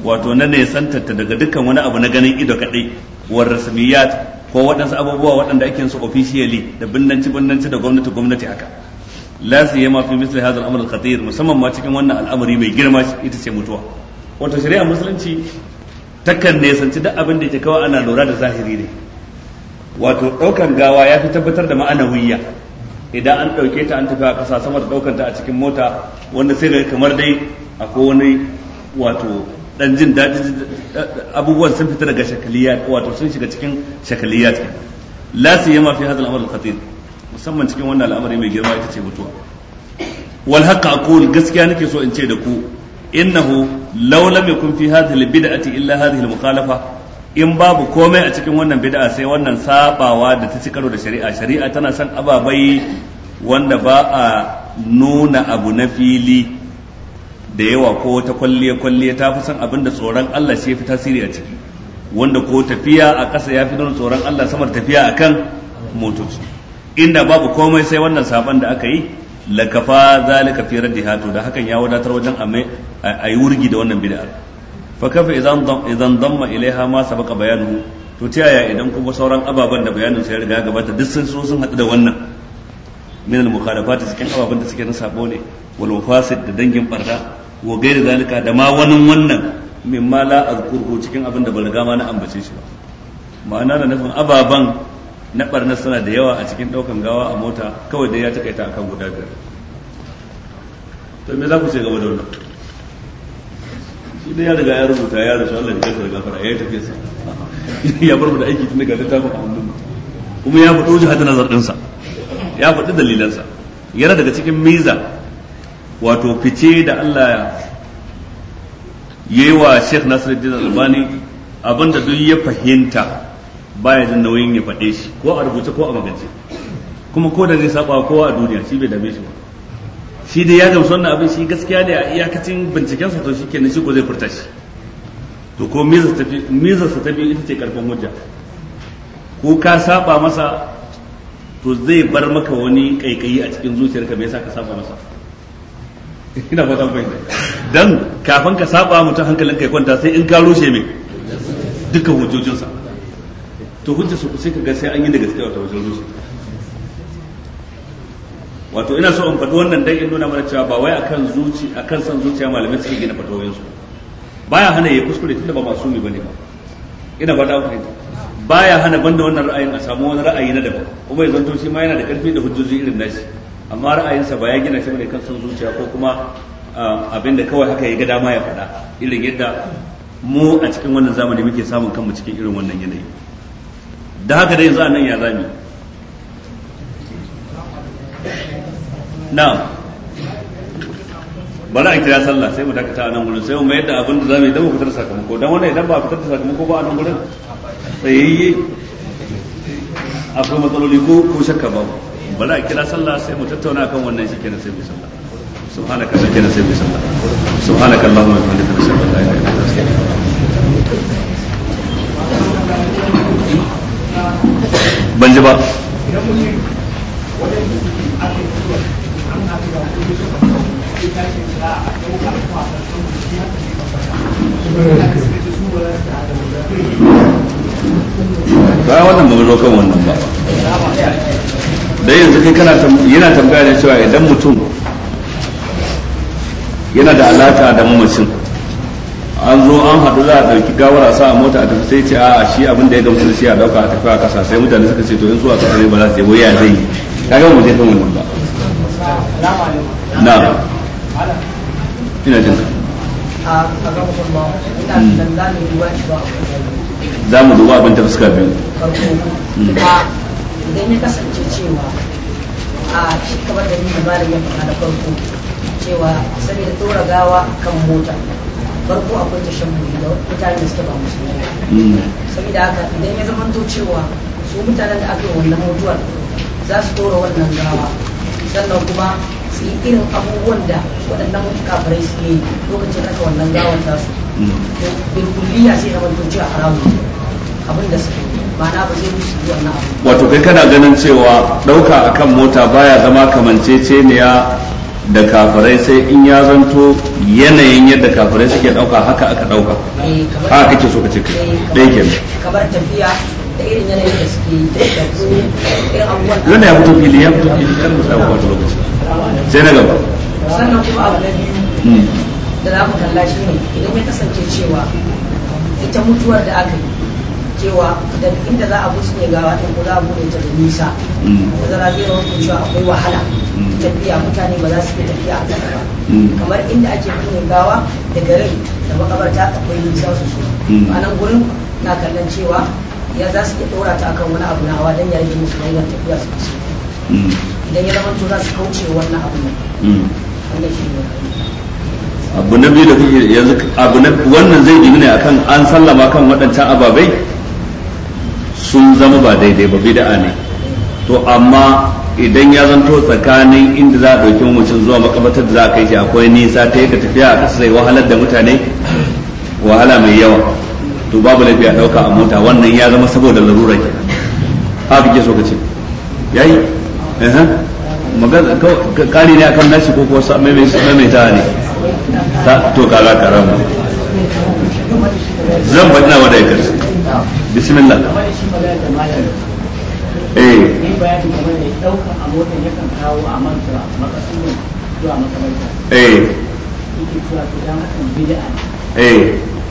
wato na ne daga dukkan wani abu na ganin ido kadai war rasmiyat ko waɗansu abubuwa waɗanda ake su officially da binnanci binnanci da gwamnati gwamnati haka la siyama fi misli hadha al-amr al-khatir musamman ma cikin wannan al'amari mai girma ita ce mutuwa wato shari'a musulunci takan ne sanci duk abin da ke kawai ana lura da zahiri ne wato ɗaukar gawa ya fi tabbatar da wiyya idan an ɗauke ta an tafi a ƙasa sama da ɗaukanta a cikin mota wanda sai da kamar dai akwai wani wato dan jin daɗi abubuwan sun fita daga shakaliya wato sun shiga cikin shakaliya cikin la siyama fi hadha al-amr khatir musamman cikin wannan al'amari mai girma ita ce mutuwa wal a aqul gaskiya nake so in ce da ku innahu law lam kun fi hadhihi al-bid'ati illa hadhihi al-mukhalafa in babu komai a cikin wannan bid'a sai wannan sabawa da ta ci karo da shari'a shari'a tana son ababai wanda ba a nuna abu na fili da yawa ko ta kwalliya kwalliya ta fi son abin da tsoron Allah shi ya fi tasiri a ciki wanda ko tafiya a ƙasa ya fi nuna tsoron Allah samar tafiya a kan motoci inda babu komai sai wannan sabon da aka yi lakafa zalika fi raddiha to da hakan ya wadatar wajen a yi wurgi da wannan bid'a fa kafa idan damma ilaiha ma sabaka bayanuhu to ta yaya idan kuma sauran ababen da bayanin sai riga gabata duk sun so sun hadu da wannan min al mukhalafat cikin ababen da suke na sabo ne wal mufasid da dangin barda wa gairi zalika da ma wani wannan ma la azkuru cikin abin da ban riga ma na ambace shi ba ma'ana da nufin ababen na barna suna da yawa a cikin daukan gawa a mota kawai dai ya takaita akan guda biyar to me za ku ce gaba wannan shi ne ya riga ya rubuta ya rasu Allah ya kai da gafara ya tafi sa ya bar mu da aiki tun daga tafi a hannun kuma ya faɗo jihar nazar ɗinsa ya faɗi dalilansa yana daga cikin miza wato fice da Allah ya yi wa Sheikh Nasiruddin Albani abinda duk ya fahimta baya jin nauyin ya faɗe shi ko a rubuce ko a magance kuma ko da zai saba kowa a duniya shi bai dame shi ba shi da ya gamsu wannan abin shi gaskiya da ya iyakacin binciken sa to shikenan shi ko zai furta shi to ko mizar ta mizar sa ta biyu ita ce karfin hujja ko ka saba masa to zai bar maka wani kaikayi a cikin zuciyarka me yasa ka saba masa ina fatan fahimta dan kafin ka saba mutum hankalin kai kwanta sai in ka rushe mai dukkan hujjojinsa to hujjar su sai ka ga sai an yi da gaskiya wata wajen rushe wato ina so in faɗi wannan dai in nuna mana cewa ba wai akan zuci akan san zuciya malamai suke gina fatoyin su baya hana ya kuskure tunda ba masu masumi bane ba ina ba da fahimta baya hana banda wannan ra'ayin a samu wani ra'ayi na daban kuma ya zanto shi ma yana da karfi da hujjoji irin nashi amma ra'ayinsa ba ya gina shi bane kan san zuciya ko kuma abinda kawai haka ya ga dama ya faɗa irin yadda mu a cikin wannan zamani muke samun kanmu cikin irin wannan yanayi da haka dai yanzu a nan ya zami na'am bari a kira sallah sai mu dakata a nan gurin sai mu mayar da abin da zamu yi dan mu fitar sakamako dan wannan idan ba fitar da sakamako ba a nan gurin tsayayye akwai matsaloli ko ko shakka ba bari a kira sallah sai mu tattauna kan wannan shi kenan sai mu sallah subhanaka la ilaha sai mu sallah subhanaka allahumma wa bihamdika nashhadu an la ilaha illa anta astaghfiruka ban ji ba ba wannan ba zo kan wannan ba da yanzu kai kana yana tambaya ne cewa idan mutum yana da alaka da mamacin an zo an haɗu za a ɗauki gawar a sa a mota a tafi sai ce a shi abin da ya gamsu da shi a ɗauka a tafi a ƙasa sai mutane suka ce to in zuwa ƙasa ne ba za su yi wai ya zai yi kaga mu je kan wannan ba na ina jin hmm. za mu duba abin ta fuska biyu hmm. idan ya kasance cewa a shi kamar da ni da malam ya faɗa da farko cewa saboda ɗora gawa kan mota farko akwai tashin buri da mutane da suke ba musulmi hmm. saboda haka idan ya zama to cewa su mutanen da aka yi wannan mutuwar za su ɗora wannan gawa sannan kuma su yi irin abubuwan da waɗannan kafirai suke yi lokacin aka wannan gawar tasu mm. bilkulliya sai na mantoci a haramu abin da suke ma'ana ba zai musu yi wannan abu wato kai kana ganin cewa ɗauka akan mota baya zama ya da kafirai sai in ya zanto yanayin yadda kafirai suke ɗauka haka aka ɗauka eh, haka kake so ka ce kai eh, ɗaya kenan kamar tafiya wannan ya fito fili ya fito fili kan musa tsaya wani lokaci sai na gaba sannan kuma abu na biyu hmm. da za mu kalla shi ne idan mai kasance cewa ita mutuwar da aka yi cewa da inda za a ne gawa ɗin ko za a bude ta da nisa da hmm. zara zai rahoto cewa akwai wahala hmm. tafiya mutane ba za su fi tafiya a ƙasa ba kamar inda ake bude gawa da garin da makabarta akwai nisa sosai a nan gurin na kallon cewa ya za su iya ɗora ta akan wani abu na hawa don ya rage musu hanyar tafiya su kusa mm. idan ya zama za su kauce wannan abu ne mm. wannan shi ne abu na biyu da kuke yanzu abu na wannan zai yi ne akan an sallama kan waɗancan ababai sun zama ba daidai ba bida'a ne to amma idan ya zanto tsakanin inda za a ɗauki mutum zuwa makabatar da za a kai shi akwai nisa ta yadda tafiya a ƙasa zai wahalar da mutane wahala mai yawa to babu laifi a dauka a mota wannan ya zama saboda larura ke ba fi so ka ce yayi eh magana kare ne akan nashi ko kuwa sai mai mai ta ne ta to ka ga ka ramu zan bar ina wadai kar bismillah eh ni bayani kamar ne dauka a mota kan kawo a mantra makasin zuwa makamai eh ikki tsaya da mutum bid'a eh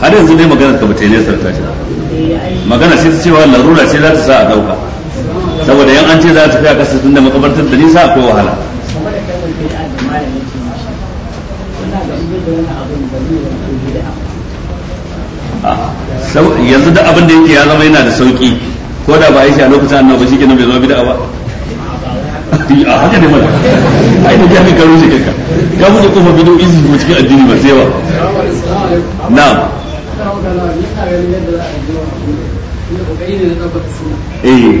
har yanzu dai maganar ka bata ne nesa ta magana sai ta cewa larura ce za ta sa a dauka saboda yan an ce za ta fi a kasa tun da makabartar da nisa akwai wahala yanzu da abin da yake ya zama yana da sauki ko da ba a yi shi a lokacin annabi shi kenan bai zama bid'a ba a haka ne mana ai da jami'in karo shi kanka ka buɗe kofar bido izi ko cikin addini ba sai yawa na eh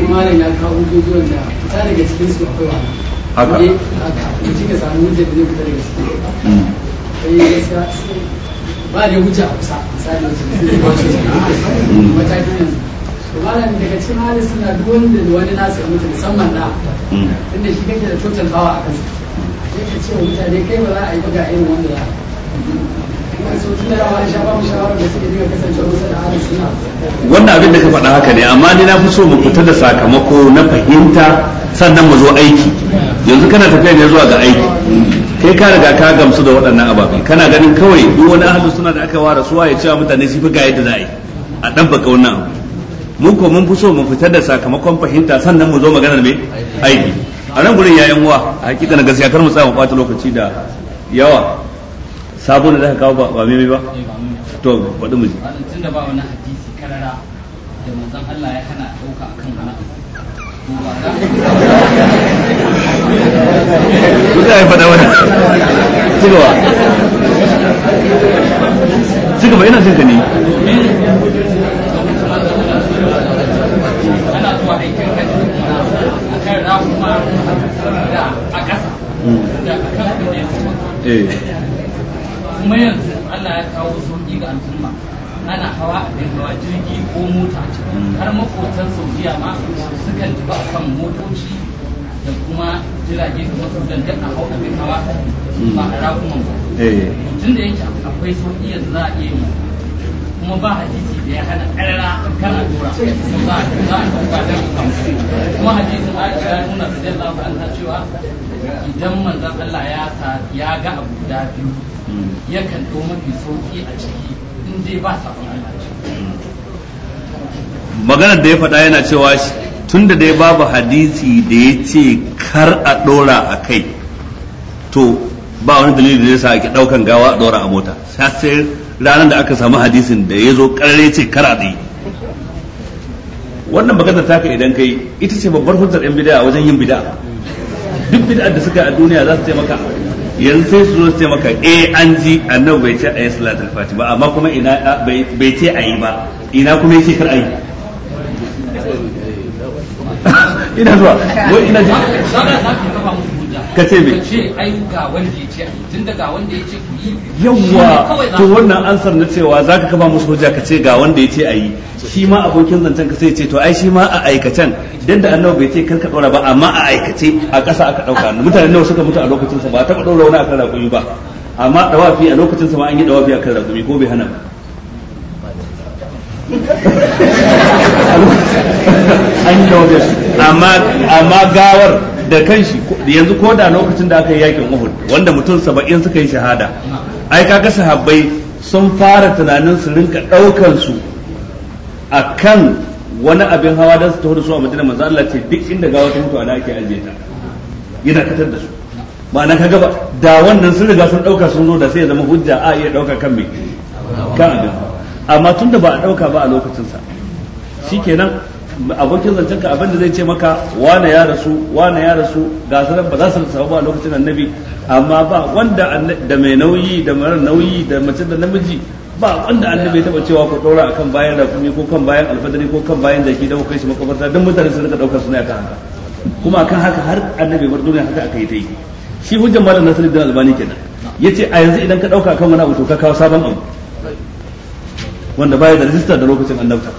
malam ya da hujja hmm. da zai fita daga ciki eh gaskiya ba da hujja a kusa malam wannan abin da ka faɗa haka ne amma ni na fi so mu fita da sakamako na fahimta sannan mu zo aiki yanzu kana tafiya ne zuwa ga aiki kai ka riga ka gamsu da waɗannan ababe kana ganin kawai duk wani ahalin suna da aka ware suwa ya cewa mutane sifi fi ga yadda za a yi a baka wannan abu mun ko mun fi so mu fitar da sakamakon fahimta sannan mu zo maganar mai aiki a nan gurin yayan wa a hakika na gaskiya kar mu tsaya mu bata lokaci da yawa sabon da zaka kawo ba ba mai eh, ba to bari mu ji tunda ba wani hadisi karara da manzon Allah ya hana dauka akan wani Kuka ya faɗa wani wa? cigaba ba ina jin ne ana zuwa aikin hajji a kan ramuwa da a ƙasa da a kan kudin eh. kuma yanzu Allah ya kawo sauƙi ga al'umma ana hawa a hawa jirgi ko mota har makotan saudiya ma sukan tafi a kan motoci da kuma jirage da wasu dangan a hau abin hawa ba a rakunan ba eh. tun da yake akwai sauƙi yanzu za a iya yi kuma ba hadisi da ya hana karara kan allura za a za a ɗauka don kuma hadisin aisha ya nuna da jalla ba ta cewa idan manzon Allah ya ya ga abu da biyu hmm. kan ɗo mafi sauƙi a ciki in dai ba sabon Allah maganar da ya faɗa yana cewa tun da dai babu hadisi da ya ce kar a ɗora a kai to ba wani dalili da ya sa ake ɗaukan gawa a ɗora a mota sai ranar da aka samu hadisin da ya zo karare ce kara tsaye wannan ta ka idan kai ita ce babbar hujjar yan bid'a wajen yin bid'a duk bid'a da suka a duniya za su ce maka yanzu sai su zo su ce maka eh an ji annabi bai ce a yi salatul fati ba amma kuma ina bai ce a yi ba ina kuma ya ce kar a yi ina zuwa ina ji ka ce me yawa to wannan ansar na cewa zaka kaba musu hujja ka ce ga wanda ya ce shi ma abokin zancen ka sai ce to ai shi ma a aikacen dan da annabi bai ce kar ka daura ba amma a aikace a ƙasa aka ɗauka mutanen nawa suka mutu a lokacin sa ba ta daura wani akan raƙumi ba amma dawafi a lokacin sa ma an yi dawafi akan raƙumi ko bai hana ba an yi dawafi amma gawar da kanshi yanzu ko da lokacin da aka yi yakin Uhud wanda mutum saba'in suka yi shahada ai kaga sahabbai sun fara tunanin su rinka daukan su akan wani abin hawa don su taho da su a madina manzo Allah ce duk inda ga wata mutuwa ana ake ajiye ta yana katar da su ma'ana ka gaba da wannan sun riga sun dauka sun zo da sai ya zama hujja a iya dauka kan me kan abin amma tunda ba a dauka ba a lokacin sa shikenan abokin zancen ka abinda zai ce maka wane ya rasu wane ya rasu ga sanan ba za su rasu a lokacin annabi amma ba wanda da mai nauyi da mara nauyi da mace da namiji ba wanda annabi ya taba cewa ko dora akan bayan rafumi ko kan bayan alfadari ko kan bayan jaki da kai shi makabarta don mutane su rika daukar suna kan haka kuma akan haka har annabi bar duniya haka akai yi ta yi shi hujjan malam nasiruddin albani kenan yace a yanzu idan ka dauka kan wani abu to ka kawo sabon abu wanda baya da rajista da lokacin annabta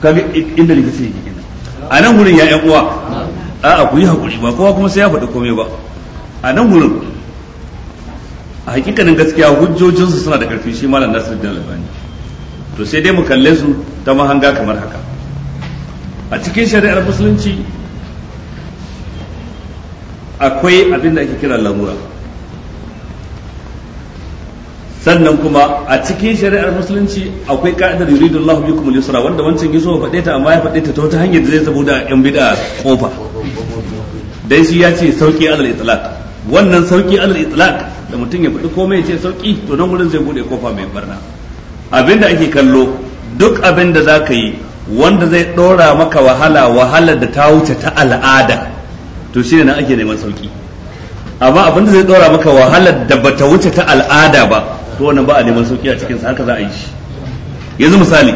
kaga inda likita yake kenan a nan gurin ya yan uwa a'a ku yi hakuri ba kowa kuma sai ya faɗi komai ba a nan gurin a hakikanin gaskiya hujjojinsu suna da ƙarfi shi malam Nasiruddin Albani to sai dai mu kalle su ta mahanga kamar haka a cikin shari'ar musulunci akwai abin da ake kira lamura sannan kuma a cikin shari'ar musulunci akwai ka'idar yuridullahu bikum al-yusra wanda wancan yaso faɗe ta amma ya faɗe ta ta hanyar da zai zabo da yan bid'a kofa dai shi ya ce sauki alal itlaq wannan sauki alal itlaq da mutum ya faɗi komai ya ce sauki to nan gurin zai bude kofa mai barna abinda ake kallo duk abin da zaka yi wanda zai ɗora maka wahala wahalar da ta wuce ta al'ada to shine nan ake neman sauki amma abin da zai ɗora maka wahalar da bata wuce ta al'ada ba Ko wannan ba a neman sauki a cikin sa haka za a yi shi yanzu misali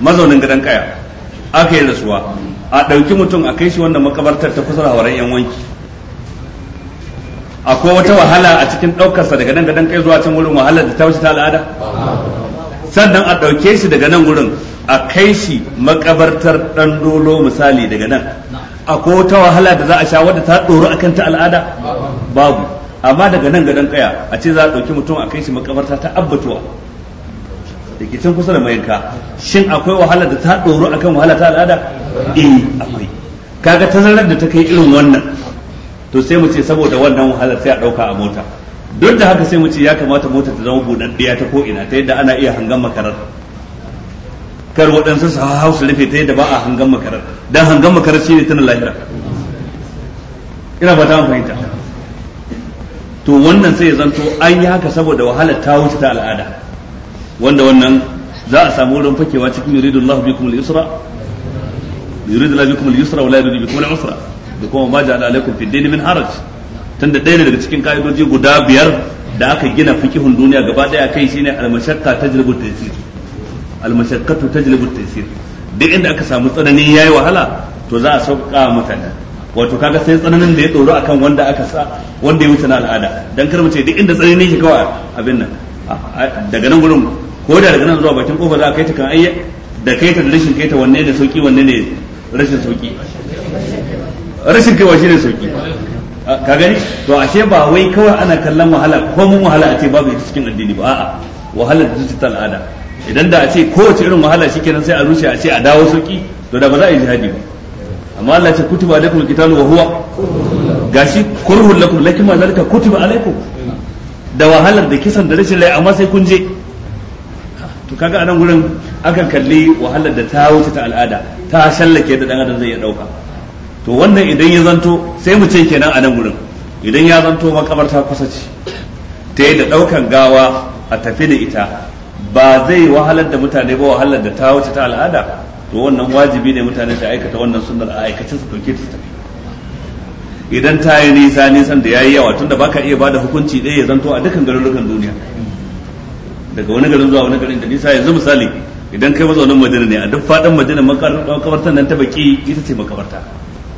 mazaunin gidan kaya aka yi rasuwa a ɗauki mutum a kai shi wannan makabartar ta kusa hauren yan wanki akwai wata wahala a cikin ɗaukarsa daga nan gadan kai zuwa can wurin wahala da ta wuce ta al'ada sannan a ɗauke shi daga nan wurin a kai shi makabartar ɗan dolo misali daga nan akwai wata wahala da za a sha wadda ta ɗoro akan ta al'ada babu amma daga nan gadon kaya a ce za a ɗauki mutum a kai shi makabarta ta abbatuwa da ke can kusa da mayanka shin akwai wahala da ta ɗoro akan wahala ta al'ada eh akwai kaga tazarar da ta kai irin wannan to sai mu ce saboda wannan wahala sai a ɗauka a mota duk da haka sai mu ce ya kamata mota ta zama buɗaɗɗiya ta ko ina ta yadda ana iya hangan makarar kar waɗansu su hau su rufe ta yadda ba a hangan makarar dan hangan makarar shine tana lahira ina ba ta fahimta to wannan sai ya zanto an yi haka saboda wahalar ta wuce ta al'ada wanda wannan za a samu wurin fakewa cikin yuridu Allah bikum al-yusra yuridu Allah bikum al-yusra wa la yuridu bikum al-usra da kuma ma ja'ala alaikum fi din min haraj tunda ɗaya daga cikin ka'idoji guda biyar da aka gina fikihun duniya gaba daya kai shine al-mashaqqa tajlibu at-taysir al-mashaqqatu tajlibu at-taysir duk inda aka samu tsanani yayi wahala to za a sauƙa mutane wato kaga sai tsananin da ya tsoro akan wanda aka sa wanda ya wuce na al'ada dan kar mu ce duk inda tsananin shi kawai abin nan daga nan gurin ko da daga nan zuwa bakin kofa za a kai ta kan ayya da kai ta da rashin kai ta wanne ne sauki wanne ne rashin sauki rashin kai kaiwa ne sauki ka gani to ashe ba wai kawai ana kallon wahala ko mun wahala a ce babu ita cikin addini ba a'a wahalar ta al'ada idan da a ce kowace irin wahala shikenan sai a rushe a ce a dawo sauki to da ba za a yi jihadi ba amma Allah ce kutiba alaikum alqitalu wa huwa gashi kurhul lakum lakin ma zalika kutiba alaikum da wahalar da kisan da rashin lai amma sai kun je to kaga anan gurin aka kalli wahalar da ta wuce ta al'ada ta shallake da dan adam zai ya dauka to wannan idan ya zanto sai mu ce kenan anan gurin idan ya zanto ta kusa ce ta yi da daukan gawa a tafi da ita ba zai wahalar da mutane ba wahalar da ta wuce ta al'ada to wannan wajibi ne mutane su aikata wannan sunnar a aikace su dauke ta tafi idan ta yi nisa nisan da yayi yawa tunda baka iya bada hukunci ɗaya ya zanto a dukkan garurukan duniya daga wani garin zuwa wani garin da nisa yanzu misali idan kai mazaunin madina ne a duk faɗin madina makabartar nan ta baki ita ce makabarta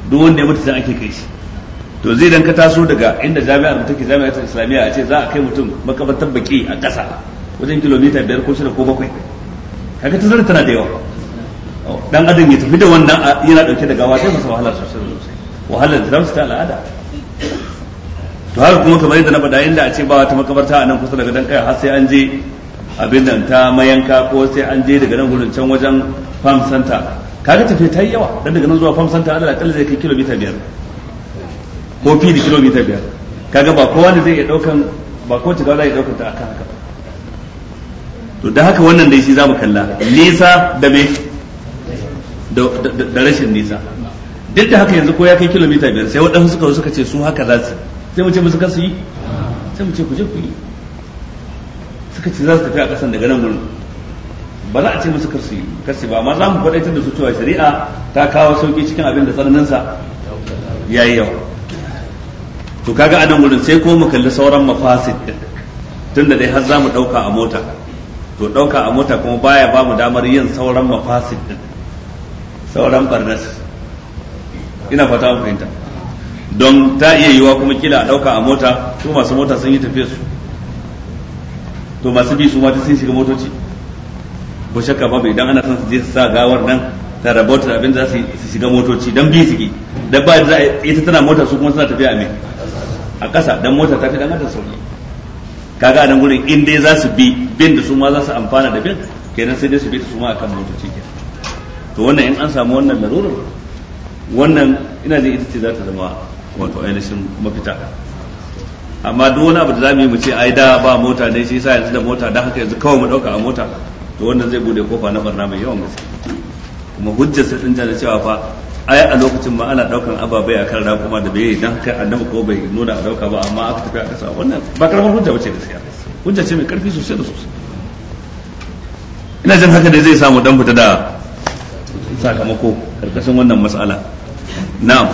duk wanda ya mutu sai ake kai shi to zai dan ka taso daga inda jami'ar da take jami'ar islamiyya a ce za a kai mutum makabartar baki a ƙasa wajen kilomita biyar ko shida ko bakwai kaga zara tana da yawa dan adam ya tafi da wannan yana dauke da gawa sai masa wahala sosai sosai wahalar da ta al'ada to haka kuma kamar yadda na faɗa inda a ce ba wata makabarta a nan kusa daga dan kai har sai an je abin nan ta mayanka ko sai an je daga nan gurin can wajen farm center kaga tafi ta yi yawa dan daga nan zuwa farm center Allah akalla zai kai kilomita biyar ko fi da kilomita biyar kaga ba kowa ne zai iya daukan ba ko ta zai iya daukan ta akan haka to da haka wannan dai shi zamu kalla nisa da me da rashin nisa duk da haka yanzu ko ya kai kilomita biyar sai waɗansu suka zo suka ce su haka za su sai mu ce musu kasu yi sai mu ce ku je ku yi suka ce za su tafi a ƙasan daga nan gurin ba za a ce musu kasu yi kasu ba amma za mu faɗaitar da su cewa shari'a ta kawo sauƙi cikin abin da sa ya yi yawa to kaga a nan gurin sai ko mu kalli sauran mafasid din da dai har za mu ɗauka a mota to ɗauka a mota kuma baya ba mu damar yin sauran mafasid din sauran barnas ina fata an fahimta don ta iya yiwa kuma kila a dauka a mota su masu mota sun yi tafiya su to masu bi su ma sun shiga motoci ba shakka babu idan ana son su je sa gawar nan ta rabota abin za su shiga motoci dan bi suke dan ba za ita tana mota su kuma suna tafiya a me a ƙasa dan mota ta fi dan adam sauki kaga nan gurin in dai za su bi bin da su ma za su amfana da bin kenan sai dai su bi su ma akan motoci kenan to wannan in an samu wannan larurar wannan ina jin ita ce za ta zama wato ainihin mafita amma duk wani abu da za mu yi mu ce ai da ba mota ne shi yasa yanzu da mota da haka yanzu kawai mu dauka a mota to wannan zai bude kofa na barna mai yawan gaske kuma hujjar sai din jana cewa fa ai a lokacin ma ana daukan ababai a kan kuma da bai dan haka annabi ko bai nuna a dauka ba amma aka tafi a kasa wannan ba karamar hujja bace gaskiya hujja ce mai karfi sosai da sosai ina jin haka ne zai samu dan fita da sakamako karkashin wannan matsala na'am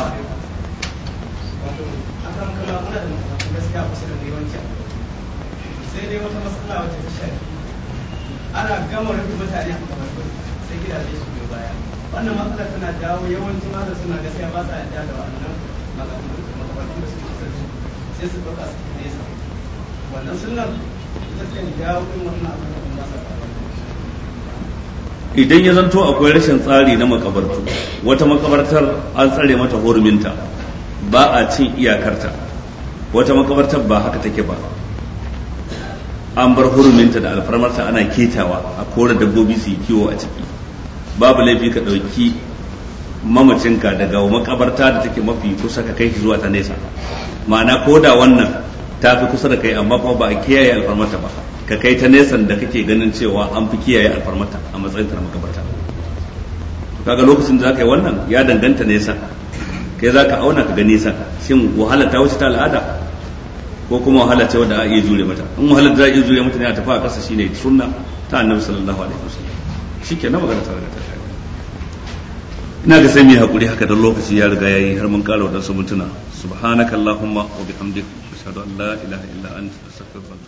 ana gama rufe mutane a sai gidaje su biyo baya wannan matsala tana dawo mata suna gaskiya ba sa yarda da wannan da suke sai su ɗauka su nesa wannan sunan ita wannan idan ya zanto akwai rashin tsari na makabartu wata makabartar an tsare mata huruminta ba a cin iyakarta wata makabartar ba haka take ba an bar huruminta da alfarmarta ana ketawa a kore dabbobi su yi kiwo a ciki babu laifi ka ɗauki mamacinka daga makabarta da take mafi kusa ka kai zuwa ta nesa ma'ana ko da wannan ta fi kusa da kai amma kuma ba a kiyaye alfarmarta ba ka kai ta nesan da kake ganin cewa an fi kiyaye alfarmata a matsayin ta makabarta kaga lokacin da zaka yi wannan ya danganta nesa kai zaka auna ka ga nesa shin wahala ta wuce ta al'ada ko kuma wahala ce wadda a iya jure mata in wahala da za a iya jure mata ne a tafi a ƙasa shine sunna ta annabi sallallahu alaihi wasallam shike na magana tare da ta ina ga sai mu hakuri haka dan lokaci ya riga yayi har mun kara wadansu mutuna subhanakallahumma wa bihamdika ashhadu an la ilaha illa anta astaghfiruka